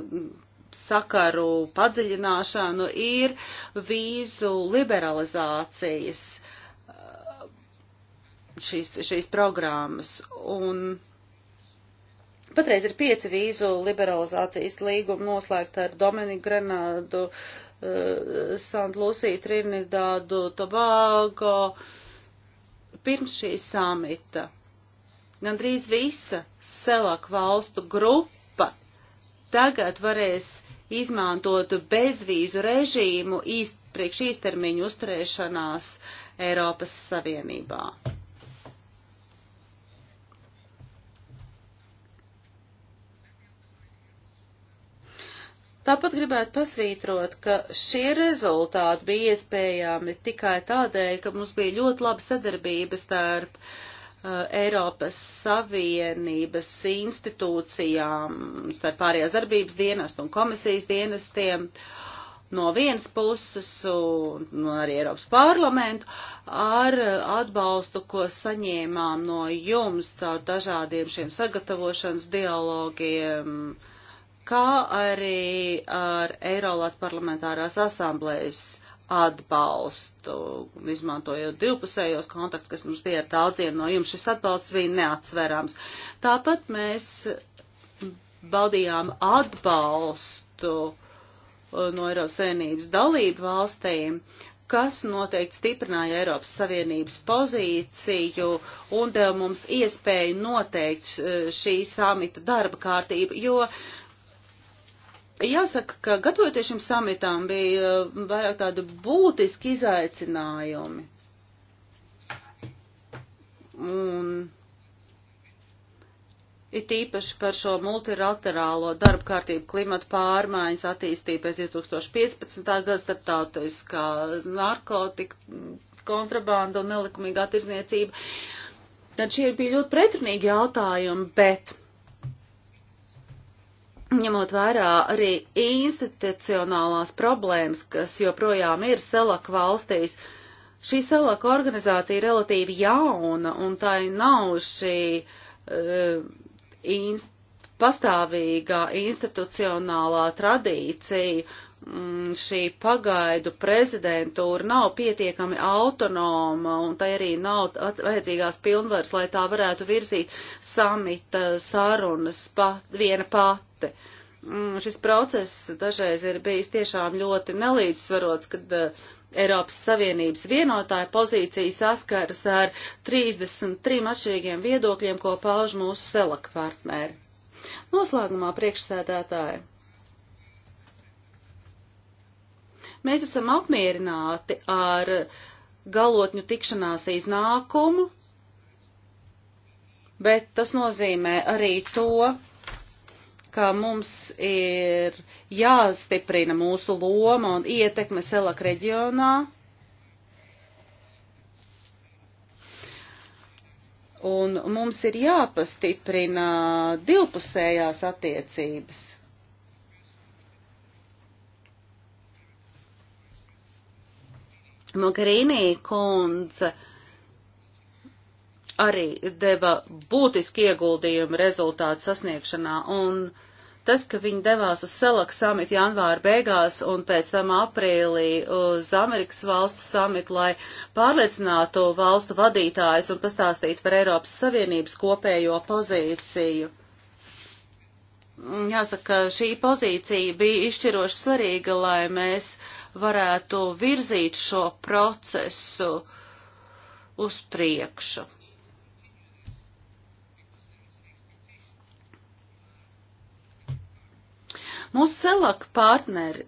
sakaru padziļināšanu, ir vīzu liberalizācijas eh, šīs, šīs programmas. Un patreiz ir pieci vīzu liberalizācijas līgumi noslēgta ar Dominiku Grenādu, uh, Eh, Santa Lucija, Trinidādu, Tobago, pirms šī samita. Gandrīz visa selak valstu grupa tagad varēs izmantot bezvīzu režīmu īst, priekš īstermiņu uzturēšanās Eiropas Savienībā. Tāpat gribētu pasvītrot, ka šie rezultāti bija iespējami tikai tādēļ, ka mums bija ļoti laba sadarbība starp uh, Eiropas Savienības institūcijām, starp pārējās darbības dienestu un komisijas dienestiem no vienas puses un arī Eiropas parlamentu ar atbalstu, ko saņēmām no jums caur dažādiem šiem sagatavošanas dialogiem, uh, kā arī ar Eirolat parlamentārās asamblējas atbalstu, izmantojot divpusējos kontaktus, kas mums bija ar daudziem no jums. Šis atbalsts bija neatsverams. Tāpat mēs baudījām atbalstu uh, no Eiropas Savienības dalību valstīm, kas noteikti stiprināja Eiropas Savienības pozīciju un deva mums iespēju noteikt uh, šī samita darba kārtību, jo uh, Jāsaka, ka gatavoties šim samitām bija uh, vairāk tādi būtiski izaicinājumi. Un it īpaši par šo multilaterālo darba kārtību klimata pārmaiņas attīstību pēc 2015. gada starptautiskā narkotika kontrabanda un nelikumīgā tirzniecība. Tad šie bija ļoti pretrunīgi jautājumi, bet ņemot vērā arī institucionālās problēmas, kas joprojām ir selak valstīs, šī selak organizācija ir relatīvi jauna un tai nav šī uh, inst pastāvīgā institucionālā tradīcija, mm, šī pagaidu prezidentūra nav pietiekami autonoma un tai arī nav vajadzīgās pilnvaras, lai tā varētu virzīt samita sarunas pat, viena pati dati. Mm, šis process dažreiz ir bijis tiešām ļoti nelīdzsvarots, kad eh, Eiropas Savienības vienotāja pozīcija saskaras ar 33 atšķirīgiem viedokļiem, ko pauž mūsu selak partneri. Noslēgumā priekšsēdētāji. Mēs esam apmierināti ar galotņu tikšanās iznākumu, bet tas nozīmē arī to, ka mums ir jāstiprina mūsu loma un ietekme Selak reģionā. Un mums ir jāpastiprina divpusējās attiecības. Mogherīnī kundze arī deva būtiski ieguldījumu rezultātu sasniegšanā, un tas, ka viņi devās uz Selak samitu janvāra beigās un pēc tam aprīlī uz Amerikas valstu samitu, lai pārliecinātu valstu vadītājus un pastāstītu par Eiropas Savienības kopējo pozīciju. Jāsaka, šī pozīcija bija izšķiroši svarīga, lai mēs varētu virzīt šo procesu uz priekšu. Mūsu selak partneri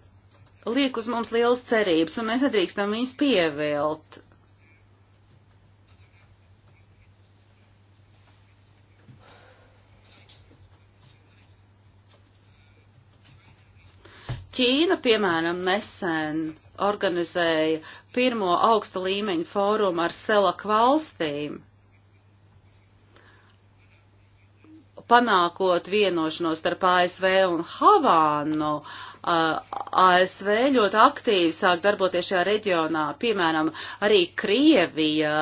liek uz mums lielas cerības, un mēs nedrīkstam viņus pievilt. Ķīna, piemēram, nesen organizēja pirmo augsta līmeņa fórumu ar selak valstīm. panākot vienošanos starp ASV un Havānu. Uh, ASV ļoti aktīvi sāk darboties šajā reģionā, piemēram, arī Krievija,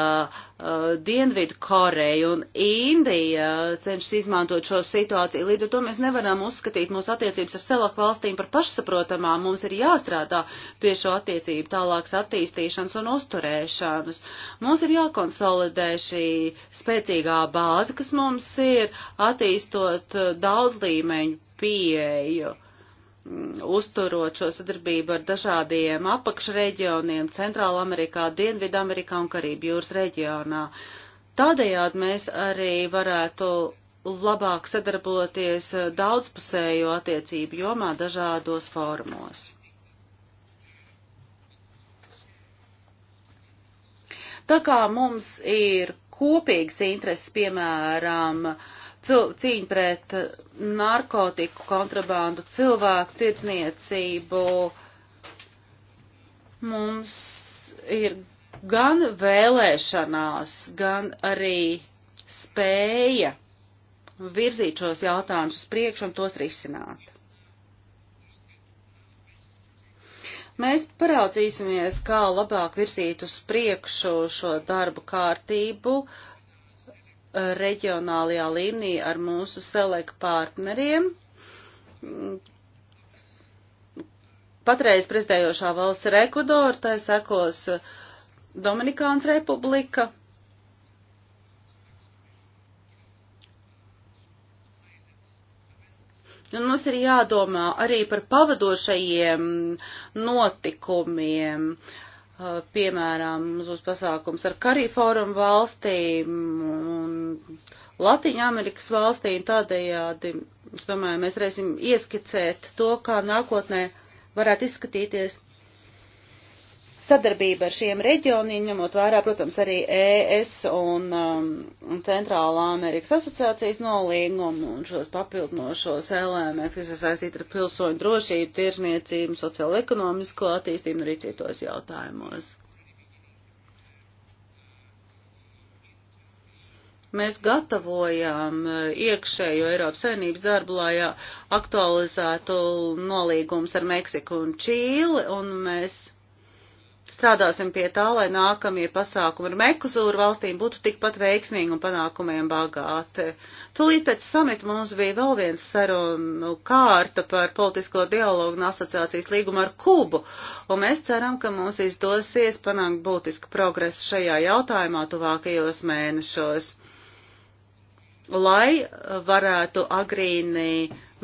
Dienvidu Koreja un Indija cenšas izmantot šo situāciju. Līdz ar to mēs nevaram uzskatīt mūsu attiecības ar selak valstīm par pašsaprotamām. Mums ir jāstrādā pie šo attiecību tālākas attīstīšanas un uzturēšanas. Mums ir jākonsolidē šī spēcīgā bāze, kas mums ir, attīstot daudz līmeņu pieeju uzturot šo sadarbību ar dažādiem apakšreģioniem Centrāla Amerikā, Dienvidu Amerikā un Karību jūras reģionā. Tādējādi mēs arī varētu labāk sadarboties daudzpusējo attiecību jomā dažādos formos. Tā kā mums ir kopīgas intereses, piemēram, uh, cīņa pret uh, narkotiku kontrabandu, cilvēku tirdzniecību. Mums ir gan vēlēšanās, gan arī spēja virzīt šos jautājumus uz priekšu un tos risināt. Mēs paraudzīsimies, kā labāk virzīt uz priekšu šo darbu kārtību, uh, reģionālajā līmenī ar mūsu selek partneriem. Patreiz prezidējošā valsts ir Ekvadora, tai sekos Dominikāns Republika. Un mums ir jādomā arī par pavadošajiem notikumiem. Uh, Uh, piemēram, mums būs pasākums ar Karīforum valstīm un Latīņa Amerikas valstīm. Tādējādi, es domāju, mēs varēsim ieskicēt to, kā nākotnē varētu izskatīties sadarbība ar šiem reģioniem, ņemot vērā, protams, arī ES un um, Centrālā Amerikas asociācijas nolīgumu un šos papildinošos elementus, kas ir saistīti ar pilsoņu drošību, tirzniecību, sociālo-ekonomisko attīstību un arī citos jautājumos. Mēs gatavojām uh, iekšējo Eiropas saimnības darbu, lai uh, aktualizētu nolīgumus ar Meksiku un Čīli, un mēs strādāsim pie tā, lai nākamie pasākumi ar Mekuzūru valstīm būtu tikpat veiksmīgi un panākumiem bagāti. Tūlīt pēc samita mums bija vēl viens sarunu kārta par politisko dialogu un asociācijas līgumu ar Kubu, un mēs ceram, ka mums izdosies panākt būtisku progresu šajā jautājumā tuvākajos mēnešos, lai varētu agrīnī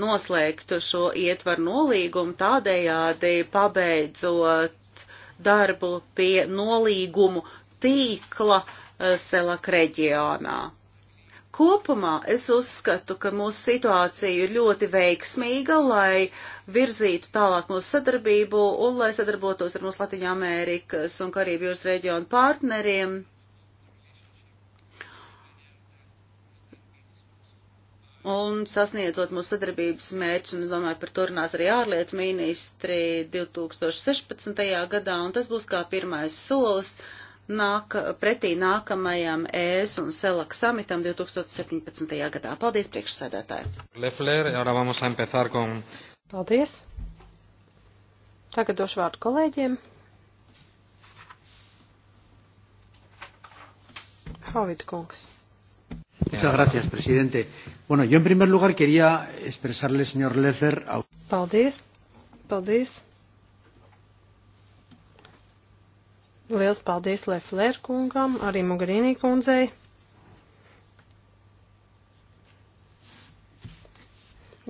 noslēgt šo ietvaru nolīgumu tādējādi pabeidzot darbu pie nolīgumu tīkla eh, Selak reģionā. Kopumā es uzskatu, ka mūsu situācija ir ļoti veiksmīga, lai virzītu tālāk mūsu sadarbību un lai sadarbotos ar mūsu Latviju Amerikas un Karību jūras reģionu partneriem Un sasniedzot mūsu sadarbības mērķi, un domāju, par to runās arī ārlietu ministri 2016. gadā, un tas būs kā pirmais solis nāk, pretī nākamajam ES un SELAK samitam 2017. gadā. Paldies, priekšsēdētāji! Lefler, ahora vamos a empezar con... Paldies! Tagad došu vārdu kolēģiem. Hovid kungs. Muchas gracias, presidente. Bueno, yo en primer lugar quería expresarle, señor Leffler. A... Paldies. Paldies. Liels paldies Leffler kungam, arī Mugarīnī kundzei.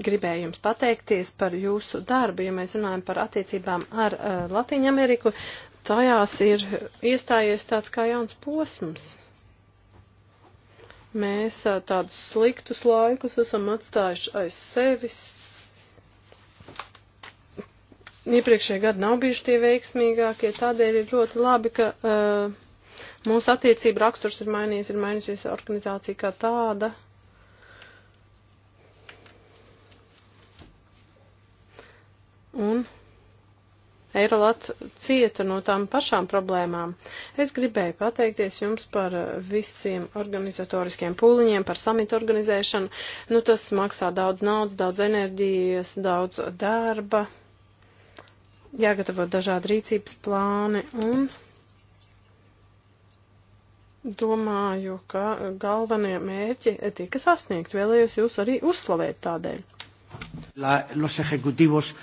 gribēju jums pateikties par jūsu darbu, ja mēs runājam par attiecībām ar uh, eh, Latviju Ameriku. Tajās ir iestājies tāds kā jauns posms. Mēs tādus sliktus laikus esam atstājuši aiz sevis. Iepriekšējā gada nav bijuši tie veiksmīgākie, tādēļ ir ļoti labi, ka uh, mūsu attiecība raksturs ir mainījies, ir mainījusies organizācija kā tāda. Un Eirolat cieta no tām pašām problēmām. Es gribēju pateikties jums par visiem organizatoriskiem pūliņiem, par samitu organizēšanu. Nu, tas maksā daudz naudas, daudz enerģijas, daudz darba, jāgatavo dažādi rīcības plāni un domāju, ka galvenie mērķi tika sasniegt. Vēlējos jūs arī uzslavēt tādēļ. La, los ejecutivos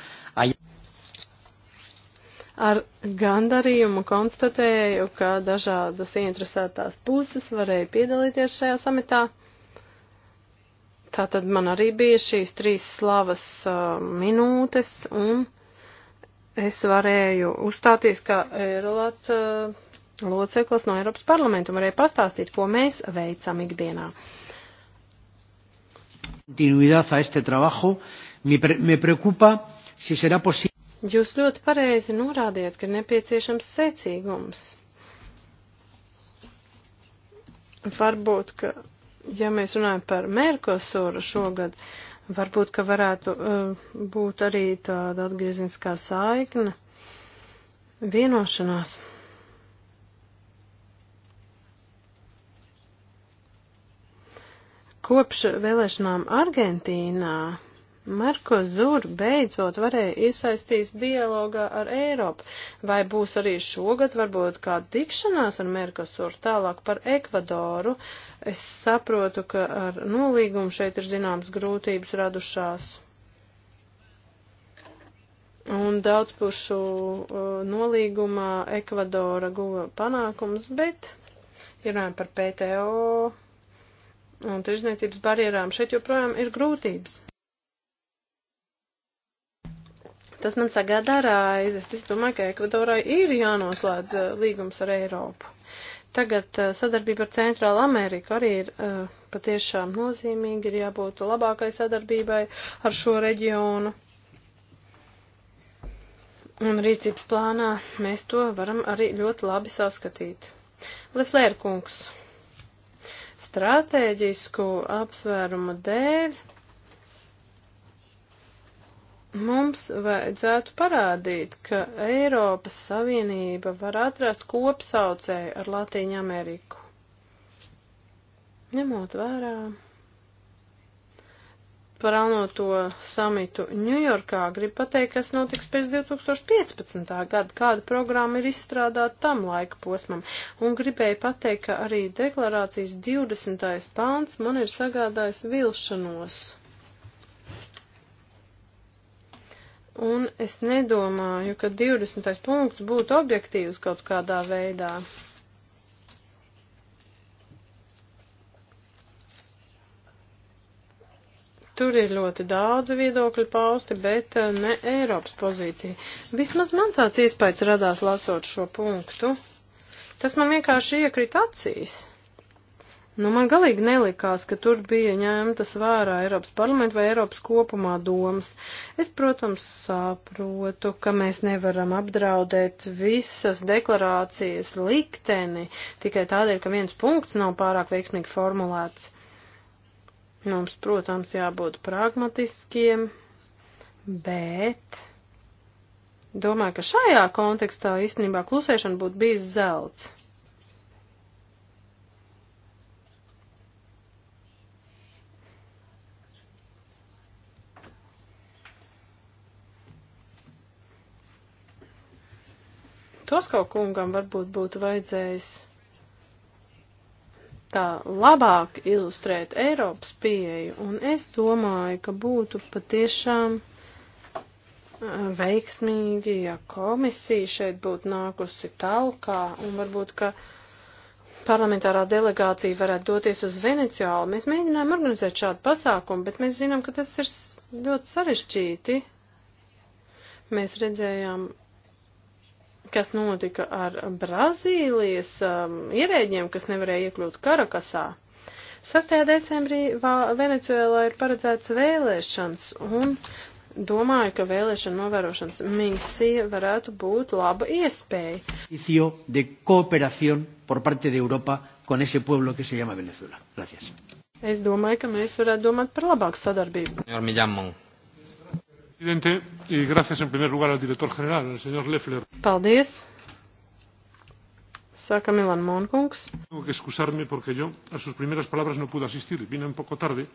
ar gandarījumu konstatēju, ka dažādas interesētās puses varēja piedalīties šajā samitā. Tātad man arī bija šīs trīs slavas uh, minūtes, un es varēju uzstāties kā Eirolat uh, loceklis no Eiropas parlamentu un varēju pastāstīt, ko mēs veicam ikdienā. Continuidad a este trabajo. Me, pre me preocupa si será posible. Jūs ļoti pareizi norādījat, ka ir nepieciešams secīgums. Varbūt, ka, ja mēs runājam par Merkosuru šogad, varbūt, ka varētu uh, būt arī tāda atgriezinskā saikne vienošanās. Kopš vēlēšanām Argentīnā Marko Zur beidzot varēja iesaistīties dialogā ar Eiropu, vai būs arī šogad varbūt kā tikšanās ar Merkosuru tālāk par Ekvadoru. Es saprotu, ka ar nolīgumu šeit ir zināmas grūtības radušās. Un daudzpušu uh, nolīgumā Ekvadora guva panākums, bet ir runājumi par PTO un tirzniecības barjerām. Šeit joprojām ir grūtības. Tas man sagādā raizes. Es domāju, ka Ekvadorai ir jānoslēdz uh, līgums ar Eiropu. Tagad uh, sadarbība ar Centrālu Ameriku arī ir uh, patiešām nozīmīga, ir jābūt labākai sadarbībai ar šo reģionu. Un rīcības plānā mēs to varam arī ļoti labi saskatīt. Leflēr kungs, stratēģisku apsvērumu dēļ Mums vajadzētu parādīt, ka Eiropas Savienība var atrast kopsaucēju ar Latīņu Ameriku. Ņemot vērā par anoto samitu Ņujorkā, grib pateikt, kas notiks pēc 2015. gada, kāda programma ir izstrādāta tam laika posmam, un gribēju pateikt, ka arī deklarācijas 20. pāns man ir sagādājis vilšanos. Un es nedomāju, ka 20. punkts būtu objektīvs kaut kādā veidā. Tur ir ļoti daudz viedokļu pausti, bet eh, ne Eiropas pozīcija. Vismaz man tāds iespējas radās lasot šo punktu. Tas man vienkārši iekrita acīs. Nu, man galīgi nelikās, ka tur bija ņemtas vērā Eiropas parlamenta vai Eiropas kopumā domas. Es, protams, saprotu, ka mēs nevaram apdraudēt visas deklarācijas likteni tikai tādēļ, ka viens punkts nav pārāk veiksmīgi formulēts. Mums, protams, jābūt pragmatiskiem, bet domāju, ka šajā kontekstā īstenībā klusēšana būtu bijis zelts. Tosko kungam varbūt būtu vajadzējis tā labāk ilustrēt Eiropas pieeju, un es domāju, ka būtu patiešām veiksmīgi, ja komisija šeit būtu nākusi talkā, un varbūt, ka parlamentārā delegācija varētu doties uz Venecijālu. Mēs mēģinājām organizēt šādu pasākumu, bet mēs zinām, ka tas ir ļoti sarežģīti. Mēs redzējām kas notika ar Brazīlijas um, ierēģiem, kas nevarēja iekļūt Karakasā. 6. decembrī Venecuēlā ir paredzēts vēlēšanas, un domāju, ka vēlēšana novērošanas misija varētu būt laba iespēja. de cooperación por parte de Europa con ese pueblo que se llama Venezuela. Gracias. Es domāju, ka mēs varētu domāt par labāku sadarbību. Paldies! Saka Milan Monkungs. Tengo que excusarme porque yo a sus primeras palabras no pude asistir. Vine un poco tarde.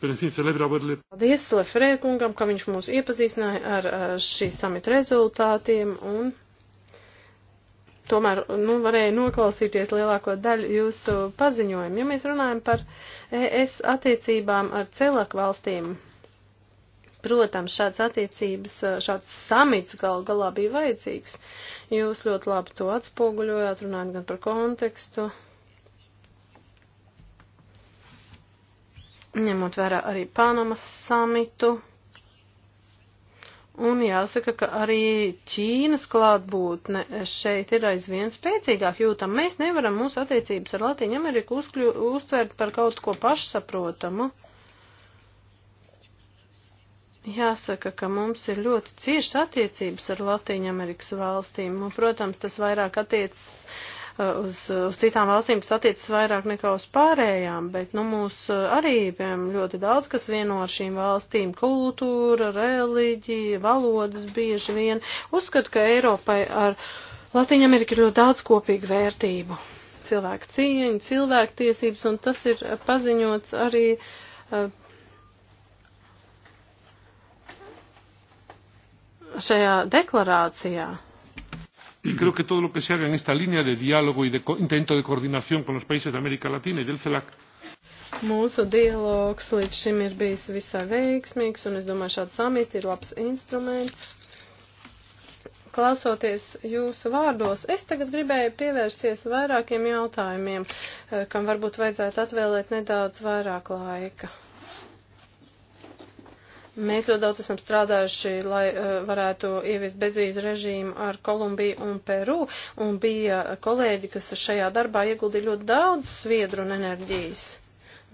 Pero, en fin, celebra verle. Paldies Lefrē kungam, ka viņš mūs iepazīstināja ar šī samita rezultātiem un tomēr nu, varēja noklausīties lielāko daļu jūsu paziņojumu. Ja mēs runājam par ES attiecībām ar celak valstīm, Protams, šāds attiecības, šāds samits gal galā bija vajadzīgs. Jūs ļoti labi to atspoguļojāt, runājot gan par kontekstu, ņemot vērā arī Panamas samitu. Un jāsaka, ka arī Ķīnas klātbūtne šeit ir aizvien spēcīgāk jūtam. Mēs nevaram mūsu attiecības ar Latīņu Ameriku uztvert par kaut ko pašsaprotamu. Uh, Jāsaka, ka mums ir ļoti ciešas attiecības ar Latīņu Amerikas valstīm, un, protams, tas vairāk attiecas uh, uz, uz citām valstīm, tas attiecas vairāk nekā uz pārējām, bet, nu, mūs uh, arī piemēram, ļoti daudz, kas vieno ar šīm valstīm - kultūra, reliģija, valodas bieži vien. Uzskatu, ka Eiropai ar Latīņu Ameriku ir ļoti daudz kopīgu vērtību cilvēku cieņu, cilvēku tiesības, un tas ir paziņots arī uh, šajā deklarācijā. Y creo que todo lo que se haga en esta línea de diálogo y de intento de coordinación con los países de América Latina y del CELAC. Mūsu dialogs līdz šim ir bijis visai veiksmīgs, un es domāju, šāds samits ir labs instruments. Klausoties jūsu vārdos, es tagad gribēju pievērsties vairākiem jautājumiem, eh, kam varbūt vajadzētu atvēlēt nedaudz vairāk laika. Mēs ļoti daudz esam strādājuši, lai uh, varētu ieviest bezvīzu režīmu ar Kolumbiju un Peru, un bija kolēģi, kas šajā darbā ieguldīja ļoti daudz sviedru un enerģijas.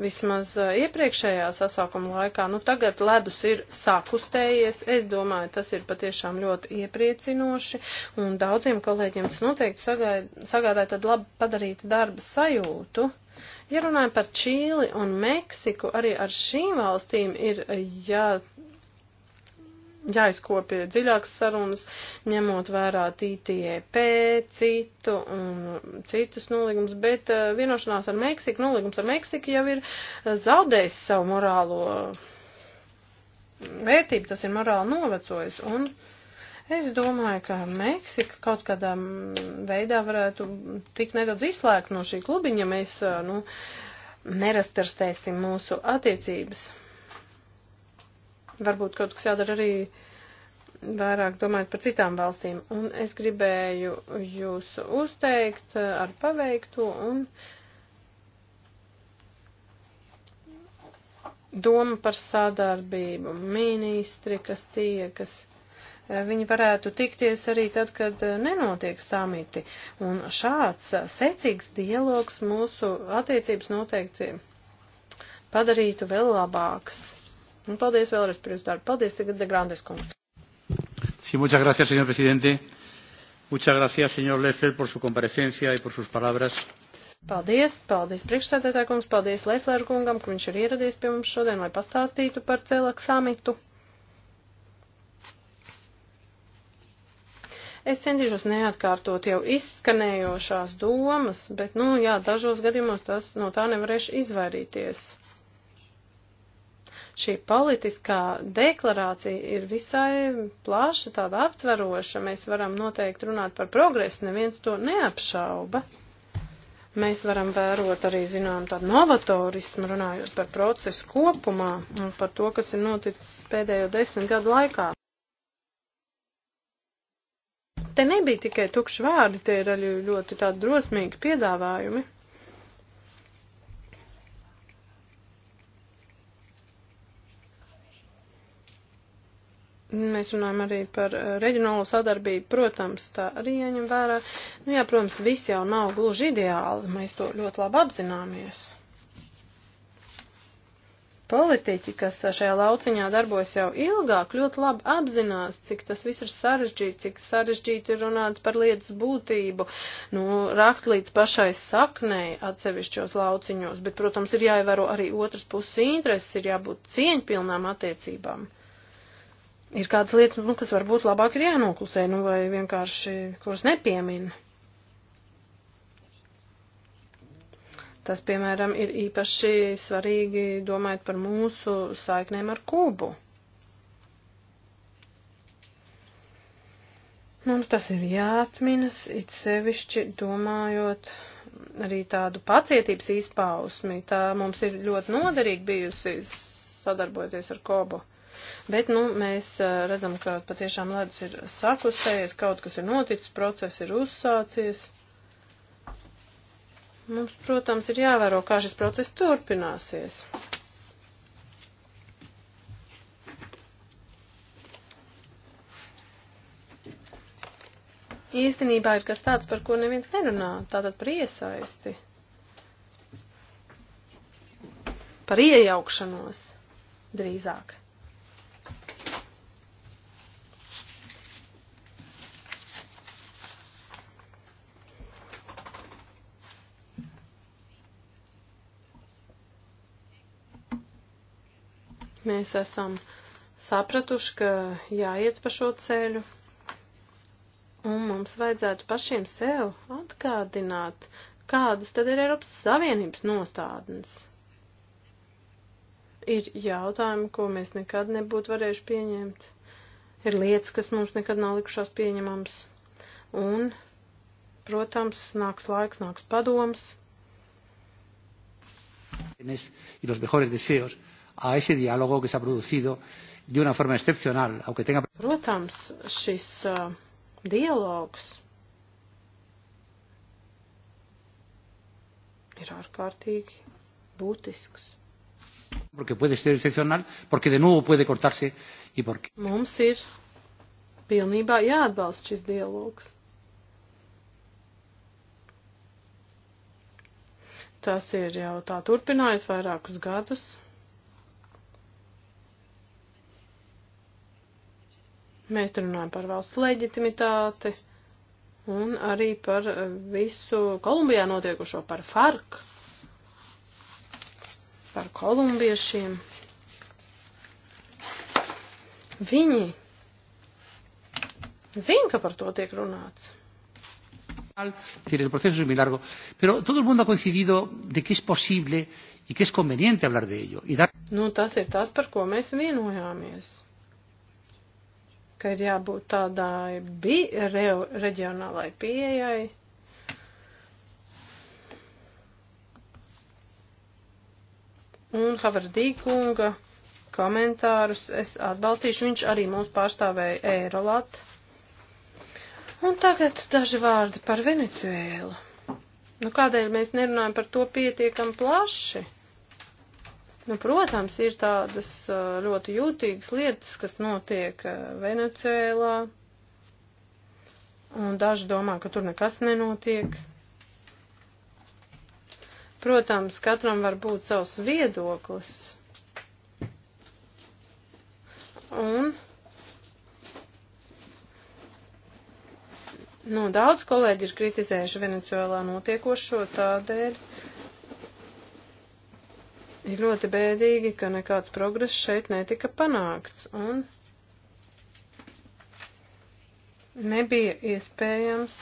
Vismaz uh, iepriekšējā sasaukuma laikā, nu tagad ledus ir sākustējies, es domāju, tas ir patiešām ļoti iepriecinoši, un daudziem kolēģiem tas noteikti sagāja, sagādāja tad labi padarīta darba sajūtu. Uh, Ja runājam par Čīli un Meksiku, arī ar šīm valstīm ir eh, jā, jāizkopja dziļākas sarunas, ņemot vērā TTIP, e citu un citus nolīgumus, bet eh, vienošanās ar Meksiku, nolīgums ar Meksiku jau ir eh, zaudējis savu morālo vērtību, tas ir morāli novecojis. Un, uh, Es domāju, ka Meksika kaut kādā veidā varētu tik nedaudz izslēgt no šī klubiņa, mēs, nu, nerastarstēsim mūsu attiecības. Varbūt kaut kas jādara arī vairāk domājot par citām valstīm. Un es gribēju jūs uzteikt ar paveikto un doma par sadarbību. Ministri, kas tie, kas viņi varētu tikties arī tad, kad eh, nenotiek samiti. Un šāds secīgs dialogs mūsu attiecības noteikti padarītu vēl labākas. Un paldies vēlreiz par jūsu darbu. Paldies tagad de Grandes kungs. Sí, muchas gracias, señor presidente. Muchas gracias, señor Leffler, por su comparecencia y por sus palabras. Paldies, paldies priekšsēdētāj kungs, paldies Lefler kungam, ka viņš ir ieradies pie mums šodien, lai pastāstītu par CELAK samitu. Es centīšos neatkārtot jau izskanējošās domas, bet, nu, jā, dažos gadījumos tas no tā nevarēšu izvairīties. Šī politiskā deklarācija ir visai plaša, tāda aptveroša. Mēs varam noteikti runāt par progresu, neviens to neapšauba. Mēs varam vērot arī, zinām, tādu novatorismu, runājot par procesu kopumā un par to, kas ir noticis pēdējo desmit gadu laikā. Te nebija tikai tukši vārdi, tie ir arī ļoti tādi drosmīgi piedāvājumi. Mēs runājam arī par eh, reģionālo sadarbību, protams, tā arī jāņem vērā. Nu jā, protams, viss jau nav gluži ideāli, mēs to ļoti labi apzināmies. Politiķi, kas šajā lauciņā darbojas jau ilgāk, ļoti labi apzinās, cik tas viss ir sarežģīti, cik sarežģīti ir runāt par lietas būtību, nu, rakt līdz pašai saknei atsevišķos lauciņos, bet, protams, ir jāievēro arī otras puses intereses, ir jābūt cieņpilnām attiecībām. Ir kādas lietas, nu, kas varbūt labāk ir jānoklusē, nu, vai vienkārši, kuras nepiemina. Tas, piemēram, ir īpaši svarīgi domājot par mūsu saiknēm ar Kubu. Mums tas ir jāatminas, it sevišķi domājot arī tādu pacietības izpausmi. Tā mums ir ļoti noderīgi bijusi sadarbojoties ar Kobu. Bet, nu, mēs uh, redzam, ka patiešām ledus ir sakustējies, kaut kas ir noticis, process ir uzsācies. Mums, protams, ir jāvēro, kā šis process turpināsies. Īstenībā ir kas tāds, par ko neviens nerunā, tātad par iesaisti, par iejaukšanos drīzāk. Mēs esam sapratuši, ka jāiet pa šo ceļu, un mums vajadzētu pašiem sev atgādināt, kādas tad ir Eiropas Savienības nostādnes. Ir jautājumi, ko mēs nekad nebūtu varējuši pieņemt. Ir lietas, kas mums nekad nav likušās pieņemams. Un, protams, nāks laiks, nāks padoms. Y los mejores deseos a ese diálogo que se ha producido de una forma excepcional, aunque tenga. Protams, šis uh, dialogs ir ārkārtīgi būtisks. Porque puede ser excepcional, porque de nuevo puede cortarse y porque. Mums ir pilnībā jāatbalsta šis dialogs. Tas ir jau tā turpinājis vairākus gadus. Mēs runājam par valsts leģitimitāti un arī par eh, visu Kolumbijā notiekušo, par FARC, par kolumbiešiem. Viņi zina, ka par to tiek runāts. Tiene el proceso es muy largo, pero todo el mundo ha coincidido de que es posible y que es conveniente hablar de ello. Y dar... Nu, tas ir tas, par ko mēs vienojāmies ka ir jābūt tādai bi re reģionālai pieejai. Un Havardīkunga komentārus es atbalstīšu, viņš arī mūs pārstāvēja Eirolat. Un tagad daži vārdi par Venecuēlu. Nu, kādēļ mēs nerunājam par to pietiekam plaši? Nu, protams, ir tādas ļoti jūtīgas lietas, kas notiek Venecijā, un daži domā, ka tur nekas nenotiek. Protams, katram var būt savs viedoklis. Un nu, daudz kolēģi ir kritizējuši Venecijā notiekošo tādēļ, Ir ļoti bēdīgi, ka nekāds progress šeit netika panākts un nebija iespējams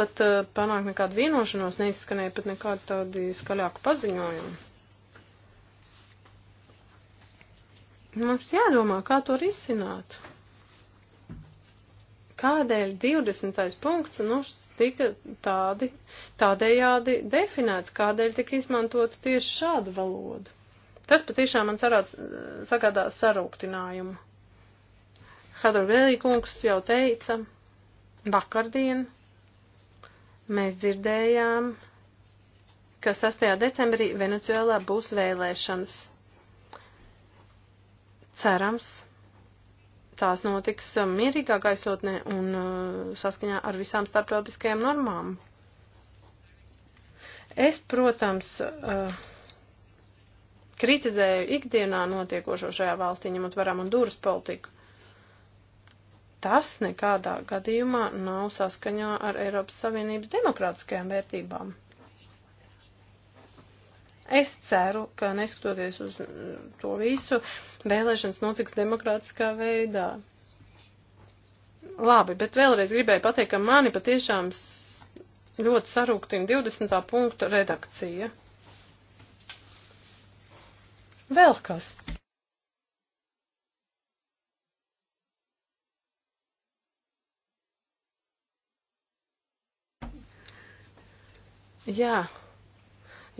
pat uh, panākt nekādu vienošanos, neizskanēja pat nekādu tādu skaļāku paziņojumu. Mums jādomā, kā to risināt kādēļ 20. punkts nu, tika tādi, tādējādi definēts, kādēļ tika izmantota tieši šāda valoda. Tas patiešām man sarāds, sagādā sarūktinājumu. Hadorvēlī kungs jau teica, vakardien mēs dzirdējām, ka 6. decembrī Venecijolā būs vēlēšanas. Cerams, tās notiks um, mierīgā gaisotnē un uh, saskaņā ar visām starptautiskajām normām. Es, protams, uh, kritizēju ikdienā notiekošo šajā valstī, ņemot varam un dūras politiku. Tas nekādā gadījumā nav saskaņā ar Eiropas Savienības demokrātiskajām vērtībām. Es ceru, ka neskatoties uz to visu, vēlēšanas notiks demokrātiskā veidā. Labi, bet vēlreiz gribēju pateikt, ka mani patiešām ļoti sarūktina 20. punktu redakcija. Vēl kas? Jā. Yeah.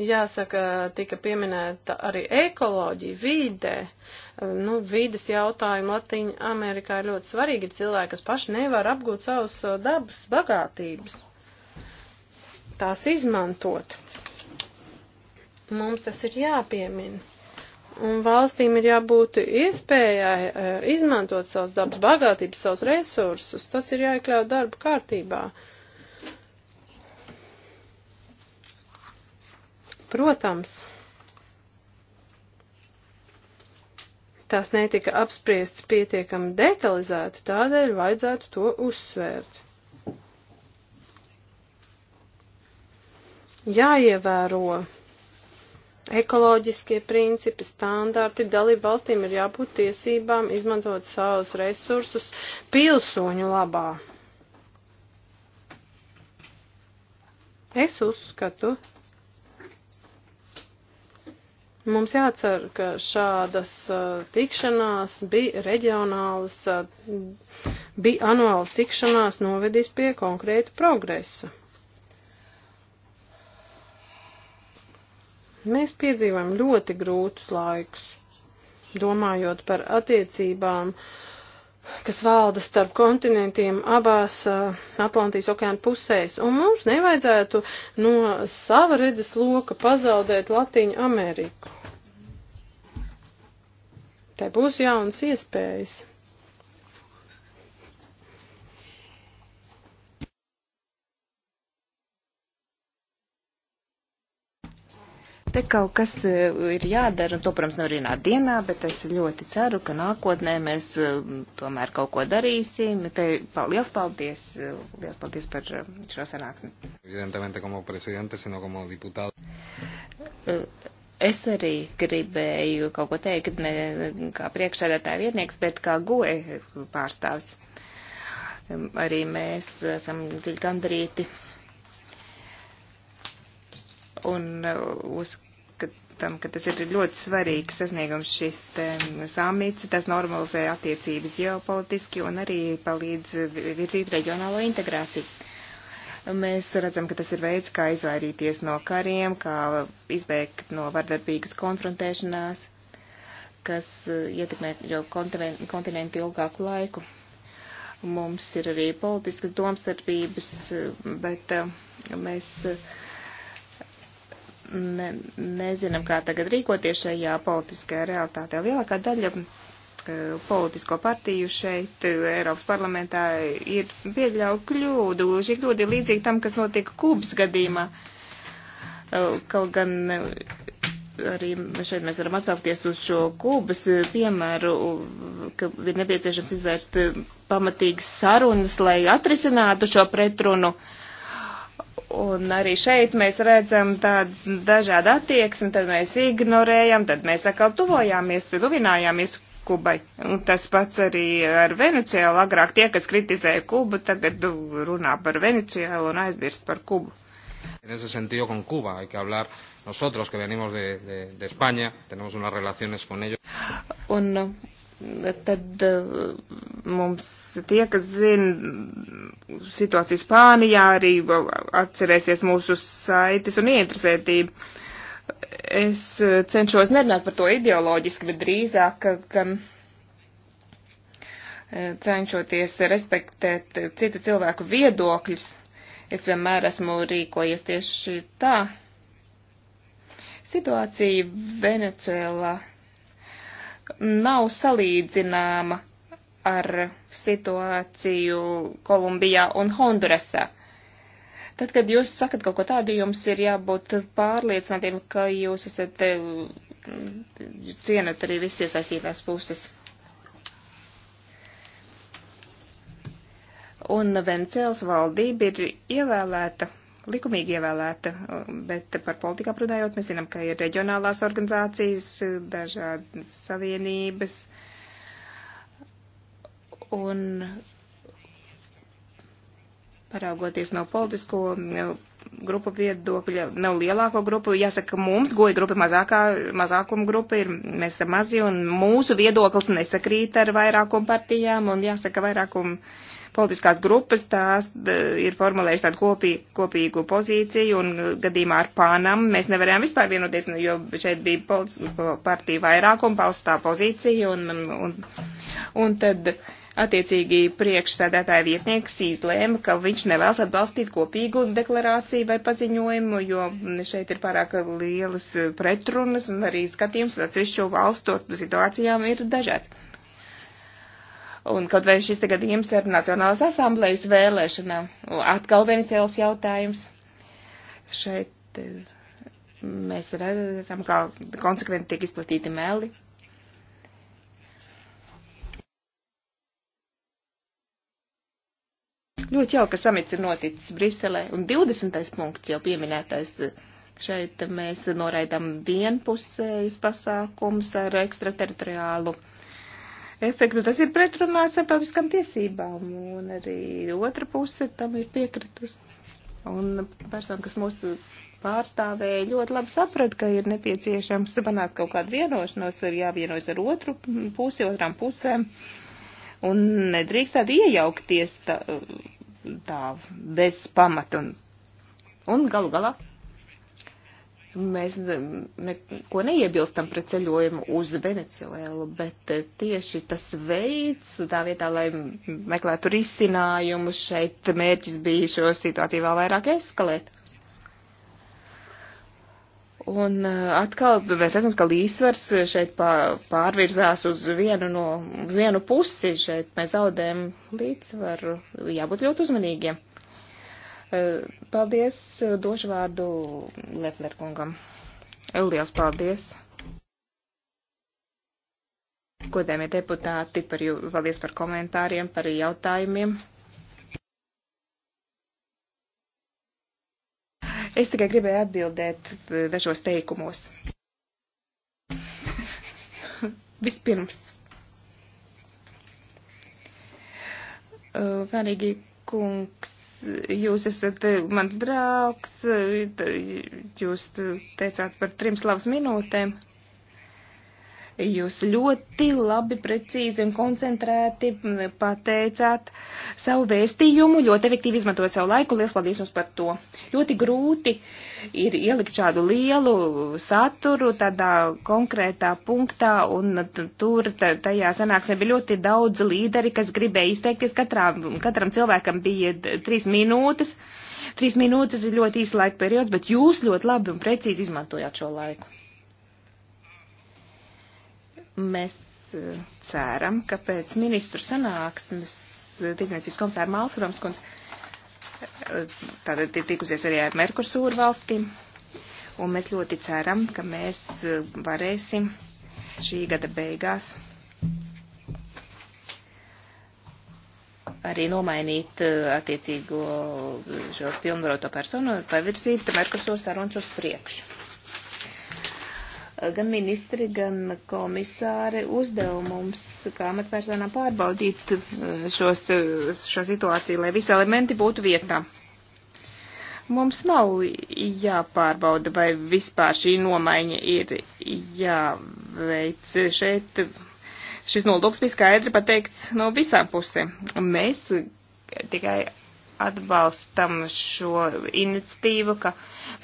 Jāsaka, tika pieminēta arī ekoloģija, vīde. Nu, vīdes jautājumi Latīņa Amerikā ir ļoti svarīgi. Ir cilvēki, kas paši nevar apgūt savus uh, dabas bagātības. Tās izmantot. Mums tas ir jāpiemina un valstīm ir jābūt iespējai uh, izmantot savas dabas bagātības, savus resursus. Tas ir jāiekļaut darba kārtībā. Uh, Protams, tās netika apspriestas pietiekami detalizēti, tādēļ vajadzētu to uzsvērt. Jāievēro ekoloģiskie principi, standarti, dalību valstīm ir jābūt tiesībām izmantot savus resursus pilsoņu labā. Es uzskatu, Mums jācer, ka šādas uh, tikšanās, bija reģionālas, uh, bija anuālas tikšanās novedīs pie konkrēta progresa. Mēs piedzīvojam ļoti grūtus laikus, domājot par attiecībām uh, kas valda starp kontinentiem abās uh, Atlantijas okeāna pusēs, un mums nevajadzētu no sava redzes loka pazaudēt Latīņu Ameriku. Te būs jaunas iespējas. Te kaut kas eh, ir jādara, un nu, to, protams, nevar ienākt dienā, bet es ļoti ceru, ka nākotnē mēs eh, tomēr kaut ko darīsim. Te liels paldies, eh, liels paldies par šo sanāksmi. Es arī gribēju kaut ko teikt, ne kā priekšsēdētāja vietnieks, bet kā goe pārstāvs. Arī mēs esam dziļi gandarīti un uh, uzskatām, ka tas ir ļoti svarīgs sasniegums šis um, samits. Tas normalizē attiecības ģeopolitiski un arī palīdz virzīt reģionālo integrāciju. Mēs redzam, ka tas ir veids, kā izvairīties no kariem, kā izbēgt no vardarbīgas konfrontēšanās, kas uh, ietekmē jau kontinentu ilgāku laiku. Mums ir arī politiskas domstarpības, uh, bet mēs. Uh, ne, nezinām, kā tagad rīkoties šajā politiskajā realitātē. Lielākā daļa eh, politisko partiju šeit eh, Eiropas parlamentā ir pieļauj kļūdu. Šī kļūda ir līdzīga tam, kas notika Kubas gadījumā. Eh, kaut gan arī šeit mēs varam atsaukties uz šo Kubas piemēru, ka ir nepieciešams izvērst pamatīgas sarunas, lai atrisinātu šo pretrunu. Uh, Un arī šeit mēs redzam tādu dažādu attieksmi, tad mēs ignorējam, tad mēs atkal tuvojāmies, tuvinājāmies Kubai. Un tas pats arī ar Venecijālu. Agrāk tie, kas kritizēja Kubu, tagad runā par Venecijālu un aizmirst par Kubu. En ese sentido, con Cuba hay que hablar. Nosotros que venimos de, de, de España tenemos unas relaciones con ellos. Un, tad eh, mums tie, kas zina situāciju Spānijā, arī atcerēsies mūsu saites un ieinteresētību. Es eh, cenšos nerunāt par to ideoloģiski, bet drīzāk, gan eh, cenšoties respektēt citu cilvēku viedokļus. Es vienmēr esmu rīkojies tieši tā. Situācija Venecuēlā nav salīdzināma ar situāciju Kolumbijā un Hondurasā. Tad, kad jūs sakat kaut ko tādu, jums ir jābūt pārliecinātiem, ka jūs esat, eh, cienat arī visas iesaistītās puses. Un Vencēls valdība ir ievēlēta likumīgi ievēlēta, bet par politikā runājot, mēs zinām, ka ir reģionālās organizācijas, dažādas savienības, un paraugoties no politisko grupu viedokļa, nav lielāko grupu, jāsaka, mums goja grupa mazākā, mazākuma grupa ir, mēs esam mazi, un mūsu viedoklis nesakrīt ar vairākumu partijām, un jāsaka, vairākumu Politiskās grupas tās ir formulējuši tādu kopī, kopīgu pozīciju, un uh, gadījumā ar Pānam mēs nevarējām vispār vienoties, nu, jo šeit bija partija vairākuma paustā pozīcija, un, un, un tad. Attiecīgi priekšsēdētāja vietnieks izlēma, ka viņš nevēlas atbalstīt kopīgu deklarāciju vai paziņojumu, jo šeit ir pārāk lielas pretrunas un arī skatījums atsevišķu valstu situācijām ir dažāds. Un kaut vai šis tagad jums ar Nacionālās asamblējas vēlēšanām. Atkal viens cēls jautājums. Šeit eh, mēs redzam, kā konsekventi tiek izplatīti meli. Ļoti jauka samits ir noticis Briselē. Un 20. punkts jau pieminētais. Šeit mēs noraidām vienpusējas pasākums ar ekstrateritoriālu uh, efektu. Tas ir pretrunā starptautiskām tiesībām, un arī otra puse tam ir piekritus. Un persona, kas mūsu pārstāvēja, ļoti labi saprata, ka ir nepieciešams panākt kaut kādu vienošanos, ir jāvienojas ar otru pusi, otrām pusēm, un nedrīkst tādi iejaukties tā, tā bez pamata. Un, un galu galā Mēs neko neiebilstam pret ceļojumu uz Venecuēlu, bet eh, tieši tas veids, tā vietā, lai meklētu risinājumu, šeit mērķis bija šo situāciju vēl vairāk eskalēt. Un eh, atkal mēs redzam, ka līdzsvars šeit pārvirzās uz vienu, no, uz vienu pusi, šeit mēs zaudējam līdzsvaru, jābūt ļoti uzmanīgiem. Eh, paldies, došu vārdu Lefler kungam. Liels paldies! Godējumie deputāti, par jū, paldies par komentāriem, par jautājumiem. Es tikai gribēju atbildēt eh, dažos teikumos. Vispirms. Eh, Vienīgi kungs jūs esat eh, mans draugs, eh, jūs teicāt par trim slavas minūtēm. Jūs ļoti labi, precīzi un koncentrēti pateicāt savu vēstījumu, ļoti efektīvi izmantojot savu laiku. Lielas paldies jums par to. Ļoti grūti ir ielikt šādu lielu saturu tādā konkrētā punktā, un tur tajā sanāksmē bija ļoti daudz līderi, kas gribēja izteikties. Katrā, katram cilvēkam bija trīs minūtes. Trīs minūtes ir ļoti īsa laika periods, bet jūs ļoti labi un precīzi izmantojāt šo laiku. Mēs e, ceram, ka pēc ministru sanāksmes e, tirdzniecības komisāra Mālsarams kundze tātad ir tikusies arī ar Merkursūru valstīm, un mēs ļoti ceram, ka mēs e, varēsim šī gada beigās arī nomainīt attiecīgo šo pilnvaroto personu pavirzīt Merkursūru sarunas uz priekšu gan ministri, gan komisāri uzdev mums, kā amatpersonām, pārbaudīt eh, šos, eh, šo situāciju, lai visi elementi būtu vietā. Mums nav jāpārbauda, vai vispār šī nomaiņa ir jāveic šeit. Šis nolūks bija skaidri pateikts no visām pusēm. Mēs tikai atbalstam šo iniciatīvu, ka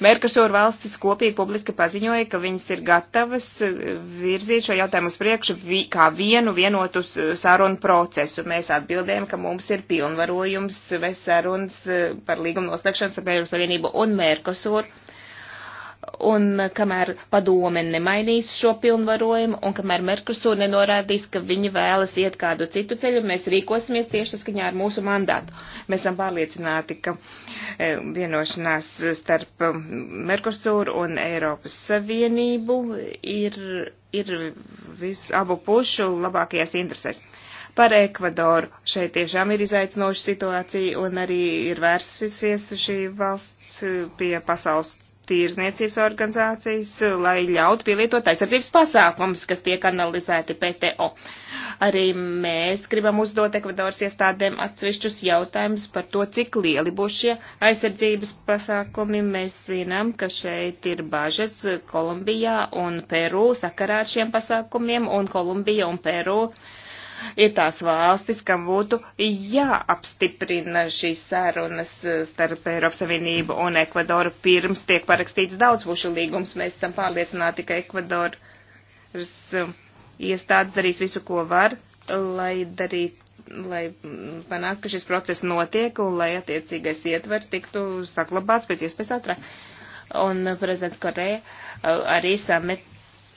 Merkašūra valstis kopīgi publiski paziņoja, ka viņas ir gatavas virzīt šo jautājumu uz priekšu vi, kā vienu vienotu sarunu procesu. Mēs atbildējam, ka mums ir pilnvarojums vai sarunas par līgumu noslēgšanu ar Eiropas Savienību un Merkašūru un kamēr padome nemainīs šo pilnvarojumu, un kamēr Merkusur nenorādīs, ka viņi vēlas iet kādu citu ceļu, mēs rīkosimies tieši saskaņā ar mūsu mandātu. Mēs esam pārliecināti, ka e, vienošanās starp Merkusur un Eiropas Savienību ir, ir visu abu pušu labākajās interesēs. Par Ekvadoru šeit tiešām ir izaicinoša situācija un arī ir vērsusies šī valsts pie pasaules tirzniecības organizācijas, lai ļautu pielietot aizsardzības pasākums, kas tiek analizēti PTO. Arī mēs gribam uzdot Ekvadoras iestādēm atsevišķus jautājumus par to, cik lieli būs šie aizsardzības pasākumi. Mēs zinām, ka šeit ir bažas Kolumbijā un Peru sakarā ar šiem pasākumiem, un Kolumbija un Peru. Uh, ir tās valstis, kam būtu jāapstiprina šīs sarunas eh, starp Eiropas Savienību un Ekvadoru pirms tiek parakstīts daudzpušu līgums. Mēs esam pārliecināti, ka Ekvadoras eh, iestādes darīs visu, ko var, lai darītu lai mm, panāktu, ka šis process notiek un lai attiecīgais ietvers tiktu saglabāts pēc iespējas ātrāk. Un eh, prezidents Koreja arī samet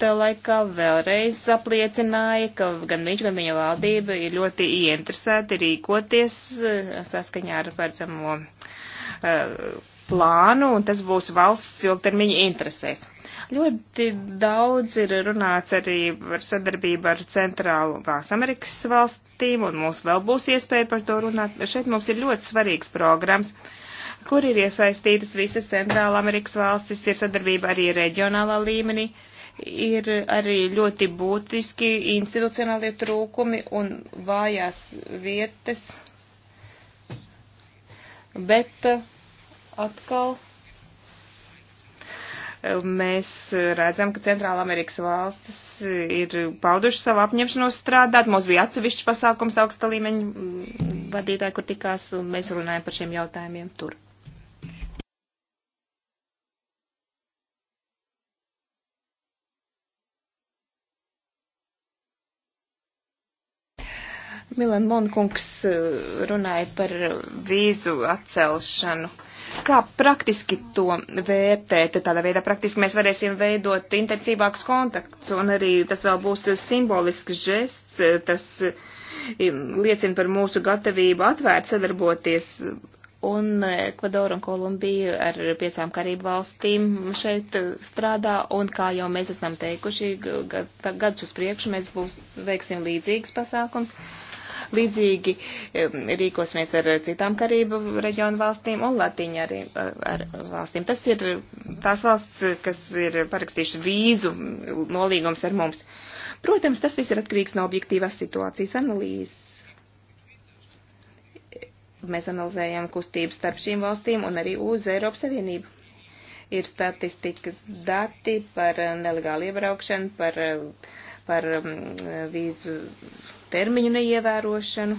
laikā vēlreiz apliecināja, ka gan viņš, gan viņa valdība ir ļoti ieinteresēti rīkoties eh, saskaņā ar paredzamo eh, plānu, un tas būs valsts ilgtermiņa interesēs. Ļoti daudz ir runāts arī par sadarbību ar Centrālu Vās Amerikas valstīm, un mums vēl būs iespēja par to runāt. Šeit mums ir ļoti svarīgs programmas kur ir iesaistītas visas Centrāla Amerikas valstis, ir sadarbība arī reģionālā līmenī. Uh, ir arī ļoti būtiski institucionālie trūkumi un vājās vietas. Bet uh, atkal mēs redzam, ka Centrāla Amerikas valstis ir pauduši savu apņemšanos strādāt. Mums bija atsevišķs pasākums augsta līmeņa mm, vadītāji, kur tikās, un mēs runājam par šiem jautājumiem tur. Milan Monkungs eh, runāja par vīzu atcelšanu. Kā praktiski to vērtēt? Tādā veidā praktiski mēs varēsim veidot intensīvākus kontaktus, un arī tas vēl būs simbolisks žests, eh, tas eh, liecina par mūsu gatavību atvērt sadarboties. Un Ekvadora un Kolumbija ar piecām karību valstīm šeit strādā, un kā jau mēs esam teikuši, gadus uz priekšu mēs būs, veiksim līdzīgs pasākums. Uh, Līdzīgi rīkosimies ar citām Karību reģionu valstīm un Latīņu arī ar valstīm. Tas ir tās valsts, kas ir parakstījuši vīzu nolīgums ar mums. Protams, tas viss ir atkarīgs no objektīvās situācijas analīzes mēs analizējam kustības starp šīm valstīm un arī uz Eiropas Savienību. Ir statistikas dati par nelegālu iebraukšanu, par, par mm, vīzu termiņu neievērošanu,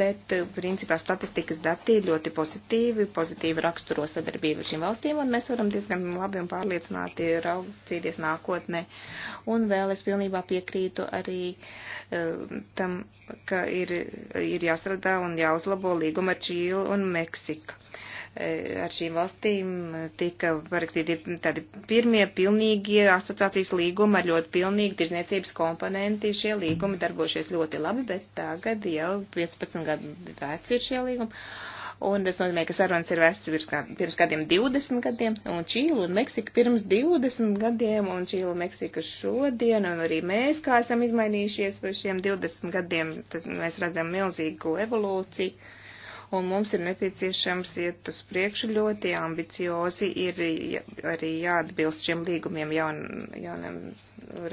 bet eh, principā statistikas dati ir ļoti pozitīvi, pozitīvi raksturo sadarbību ar šīm valstīm, un mēs varam diezgan labi un pārliecināti raucīties nākotnē. Un vēl es pilnībā piekrītu arī uh, tam, ka ir, ir jāstrādā un jāuzlabo līguma ar Čīlu un Meksiku ar šīm valstīm tika parakstīti tādi pirmie pilnīgie asociācijas līgumi ar ļoti pilnīgu tirzniecības komponenti. Šie līgumi darbojušies ļoti labi, bet tagad jau 15 gadu veci ir šie līgumi. Un tas nozīmē, ka sarunas ir vēstas pirms, kā, pirms kādiem 20 gadiem, un Čīla un Meksika pirms 20 gadiem, un Čīla un Meksika šodien, un arī mēs kā esam izmainījušies par šiem 20 gadiem, tad mēs redzam milzīgu evolūciju un mums ir nepieciešams iet uz priekšu ļoti ambiciozi, ir arī jāatbilst šiem līgumiem jaun, jaunam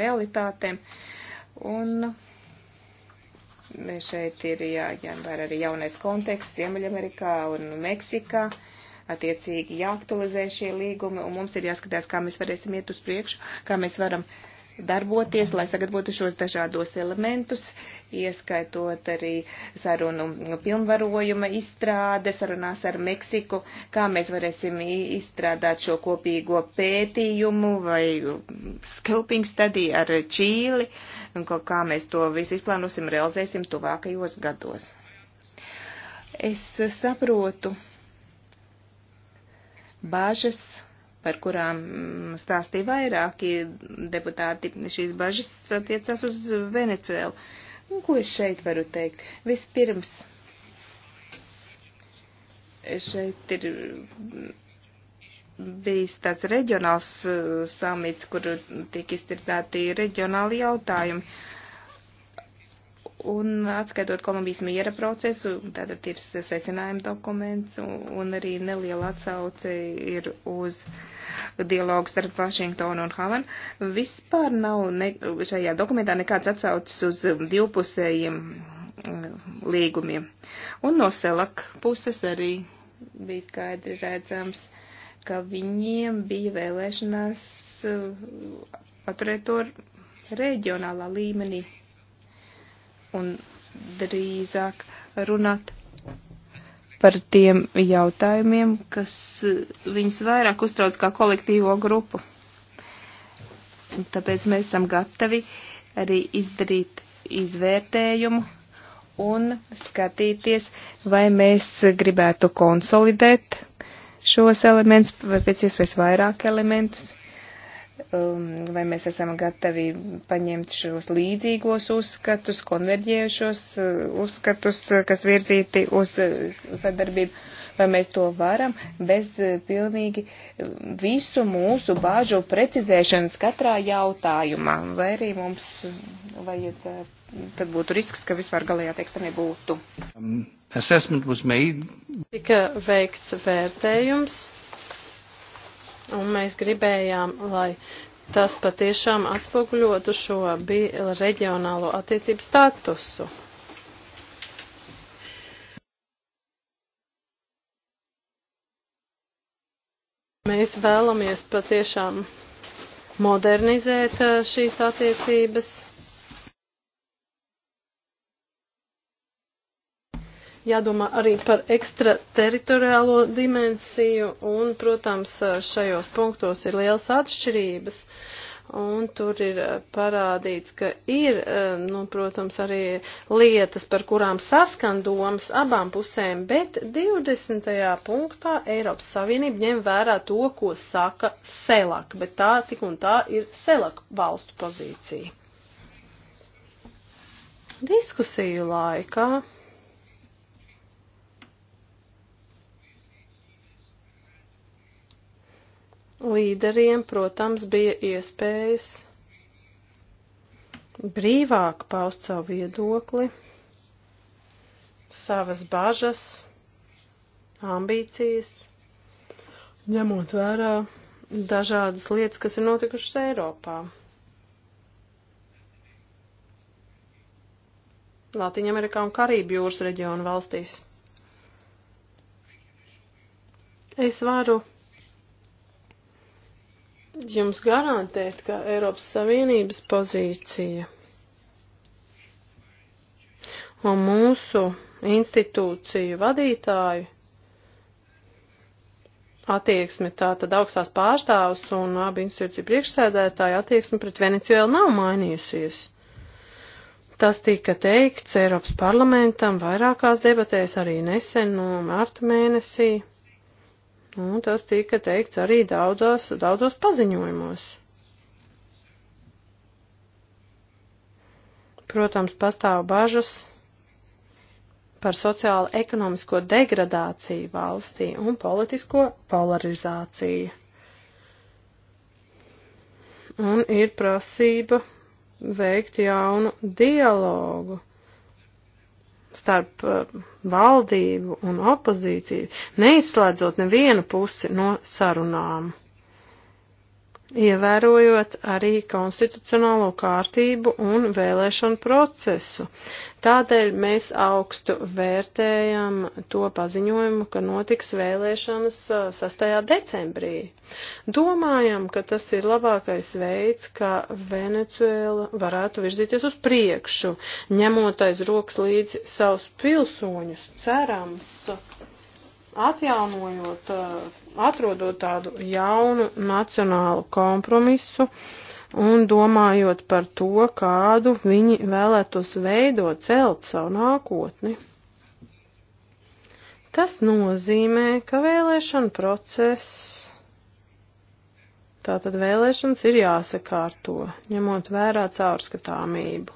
realitātēm. Un šeit ir jā, jāņem arī jaunais konteksts Ziemeļamerikā un Meksikā attiecīgi jāaktualizē šie līgumi, un mums ir jāskatās, kā mēs varēsim iet uz priekšu, kā mēs varam darboties, lai sagatavotu šos dažādos elementus, ieskaitot arī sarunu pilnvarojuma izstrāde, sarunās ar Meksiku, kā mēs varēsim izstrādāt šo kopīgo pētījumu vai scoping study ar Čīli, un kā mēs to visu izplānosim, realizēsim tuvākajos gados. Es saprotu bāžas par kurām mm, stāstīja vairāki deputāti. Šīs bažas attiecas uz Venecuēlu. Un, ko es šeit varu teikt? Vispirms, šeit ir bijis tāds reģionāls uh, samits, kur tiek iztirzēti reģionāli jautājumi. Un atskaitot Kolumbijas miera procesu, tātad ir secinājuma dokuments un arī neliela atsauce ir uz dialogu starp Vašingtonu un Havanu. Vispār nav ne, šajā dokumentā nekāds atsaucis uz divpusējiem līgumiem. Un no Selak puses arī bija skaidri redzams, ka viņiem bija vēlēšanās paturēt to reģionālā līmenī un drīzāk runāt par tiem jautājumiem, kas viņus vairāk uztrauc kā kolektīvo grupu. Tāpēc mēs esam gatavi arī izdarīt izvērtējumu un skatīties, vai mēs gribētu konsolidēt šos elementus vai pēc iespējas vairāk elementus Um, vai mēs esam gatavi paņemt šos līdzīgos uzskatus, konverģējušos uh, uzskatus, uh, kas virzīti uz uh, sadarbību, vai mēs to varam bez pilnīgi visu mūsu bāžu precizēšanas katrā jautājumā, vai arī mums vajad, tad būtu risks, ka vispār galējā teksta nebūtu. Um, Tika veikts vērtējums un mēs gribējām, lai tas patiešām atspoguļotu šo reģionālo attiecību statusu. Mēs vēlamies patiešām modernizēt eh, šīs attiecības jādomā arī par ekstrateritoriālo dimensiju, un, protams, šajos punktos ir liels atšķirības. Un tur ir eh, parādīts, ka ir, eh, nu, protams, arī lietas, par kurām saskan domas abām pusēm, bet 20. punktā Eiropas Savienība ņem vērā to, ko saka SELAK, bet tā tik un tā ir SELAK valstu pozīcija. Diskusiju laikā Līderiem, protams, bija iespējas brīvāk paust savu viedokli, savas bažas, ambīcijas, ņemot vērā dažādas lietas, kas ir notikušas Eiropā. Latvijā-Amerikā un Karību jūras reģionu valstīs. Es varu jums garantēt, ka Eiropas Savienības pozīcija un mūsu institūciju vadītāju attieksme, tā tad augstās pārstāvs un abi institūciju priekšsēdētāji attieksme pret Venecijēlu nav mainījusies. Tas tika teikts Eiropas parlamentam vairākās debatēs arī nesen no mārta mēnesī. Un tas tika teikts arī daudzos, daudzos paziņojumos. Protams, pastāv bažas par sociālo ekonomisko degradāciju valstī un politisko polarizāciju. Un ir prasība veikt jaunu dialogu starp eh, valdību un opozīciju, neizslēdzot nevienu pusi no sarunām ievērojot arī konstitucionālo kārtību un vēlēšanu procesu. Tādēļ mēs augstu vērtējam to paziņojumu, ka notiks vēlēšanas 6. decembrī. Domājam, ka tas ir labākais veids, kā Venecuēla varētu virzīties uz priekšu, ņemot aiz rokas līdzi savus pilsoņus, cerams atjaunojot, eh, atrodot tādu jaunu nacionālu kompromisu un domājot par to, kādu viņi vēlētos veidot, celt savu nākotni. Tas nozīmē, ka vēlēšana process, tātad vēlēšanas ir jāsakārto, ņemot vērā caurskatāmību.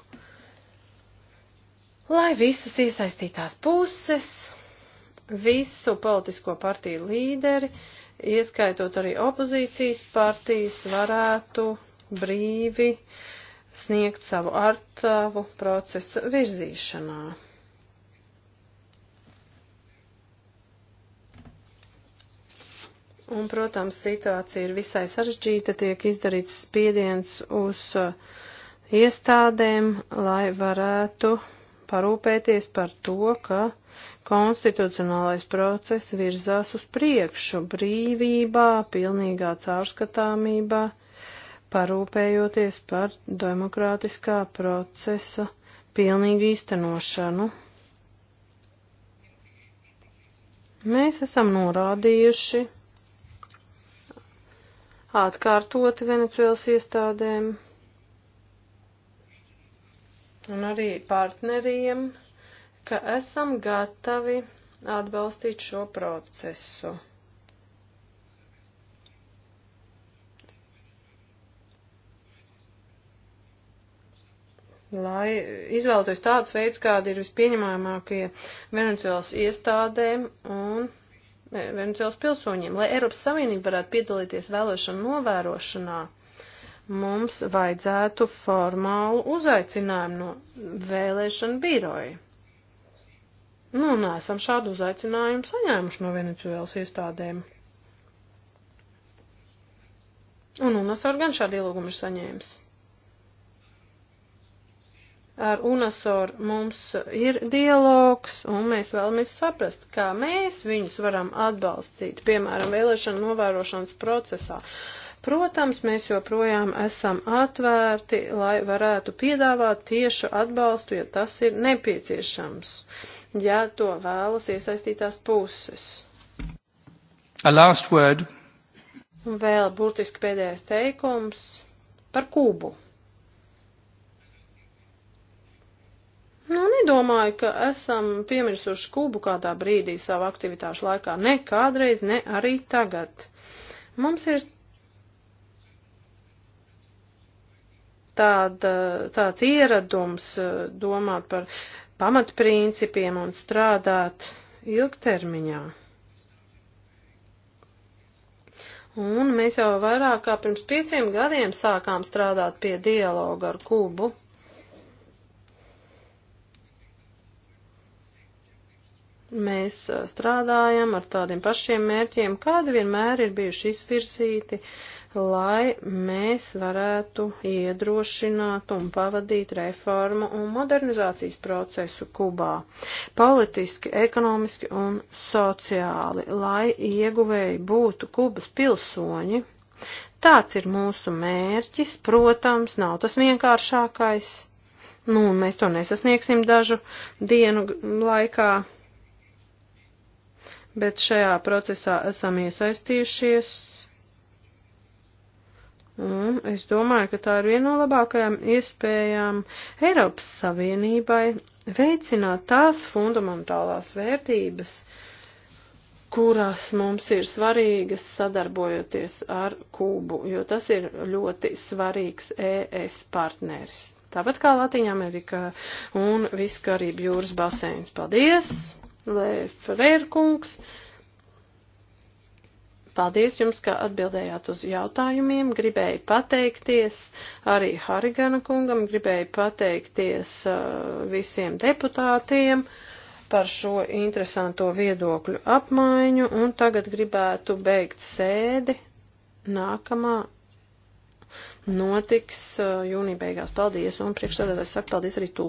Lai visas iesaistītās puses visu politisko partiju līderi, ieskaitot arī opozīcijas partijas, varētu brīvi sniegt savu artavu procesa virzīšanā. Un, protams, situācija ir visai sarežģīta, tiek izdarīts spiediens uz uh, iestādēm, lai varētu parūpēties par to, ka Konstitucionālais process virzās uz priekšu brīvībā, pilnīgā caurskatāmībā, parūpējoties par demokrātiskā procesa pilnīgu īstenošanu. Mēs esam norādījuši atkārtoti Venecuēlas iestādēm un arī partneriem ka esam gatavi atbalstīt šo procesu. lai izvēlētos tādus veids, kādi ir vispieņemamākie Venecijāls iestādēm un Venecijāls pilsoņiem. Lai Eiropas Savienība varētu piedalīties vēlēšanu novērošanā, mums vajadzētu formālu uzaicinājumu no vēlēšanu biroja. Nu, nesam šādu uzaicinājumu saņēmuši no Venecuēlas iestādēm. Un UNASOR gan šādu ielūgumu ir saņēmis. Ar UNASOR mums ir dialogs, un mēs vēlamies saprast, kā mēs viņus varam atbalstīt, piemēram, vēlēšana novērošanas procesā. Protams, mēs joprojām esam atvērti, lai varētu piedāvāt tiešu atbalstu, ja tas ir nepieciešams ja to vēlas iesaistītās puses. A last word. Un vēl burtiski pēdējais teikums par Kūbu. Nu, nedomāju, ka esam piemirsuši Kūbu kādā brīdī savu aktivitāšu laikā. Ne kādreiz, ne arī tagad. Mums ir tāda, tāds ieradums eh, domāt par pamatprincipiem un strādāt ilgtermiņā. Un mēs jau vairāk kā pirms pieciem gadiem sākām strādāt pie dialoga ar Kubu. Mēs strādājam ar tādiem pašiem mērķiem, kādi vienmēr ir bijuši izvirzīti lai mēs varētu iedrošināt un pavadīt reformu un modernizācijas procesu Kubā, politiski, ekonomiski un sociāli, lai ieguvēji būtu Kubas pilsoņi. Tāds ir mūsu mērķis, protams, nav tas vienkāršākais. Nu, un mēs to nesasniegsim dažu dienu laikā, bet šajā procesā esam iesaistījušies Un es domāju, ka tā ir viena no labākajām iespējām Eiropas Savienībai veicināt tās fundamentālās vērtības, kurās mums ir svarīgas sadarbojoties ar Kūbu, jo tas ir ļoti svarīgs ES partneris. Tāpat kā Latīņa Amerika un viss Karību jūras basēns. Paldies, Lēferērkungs! kungs! Paldies jums, ka atbildējāt uz jautājumiem. Gribēju pateikties arī Harigana kungam, gribēju pateikties uh, visiem deputātiem par šo interesanto viedokļu apmaiņu, un tagad gribētu beigt sēdi. Nākamā notiks uh, jūnija beigās. Paldies, un priekšstādātājs saka paldies arī tūkiem.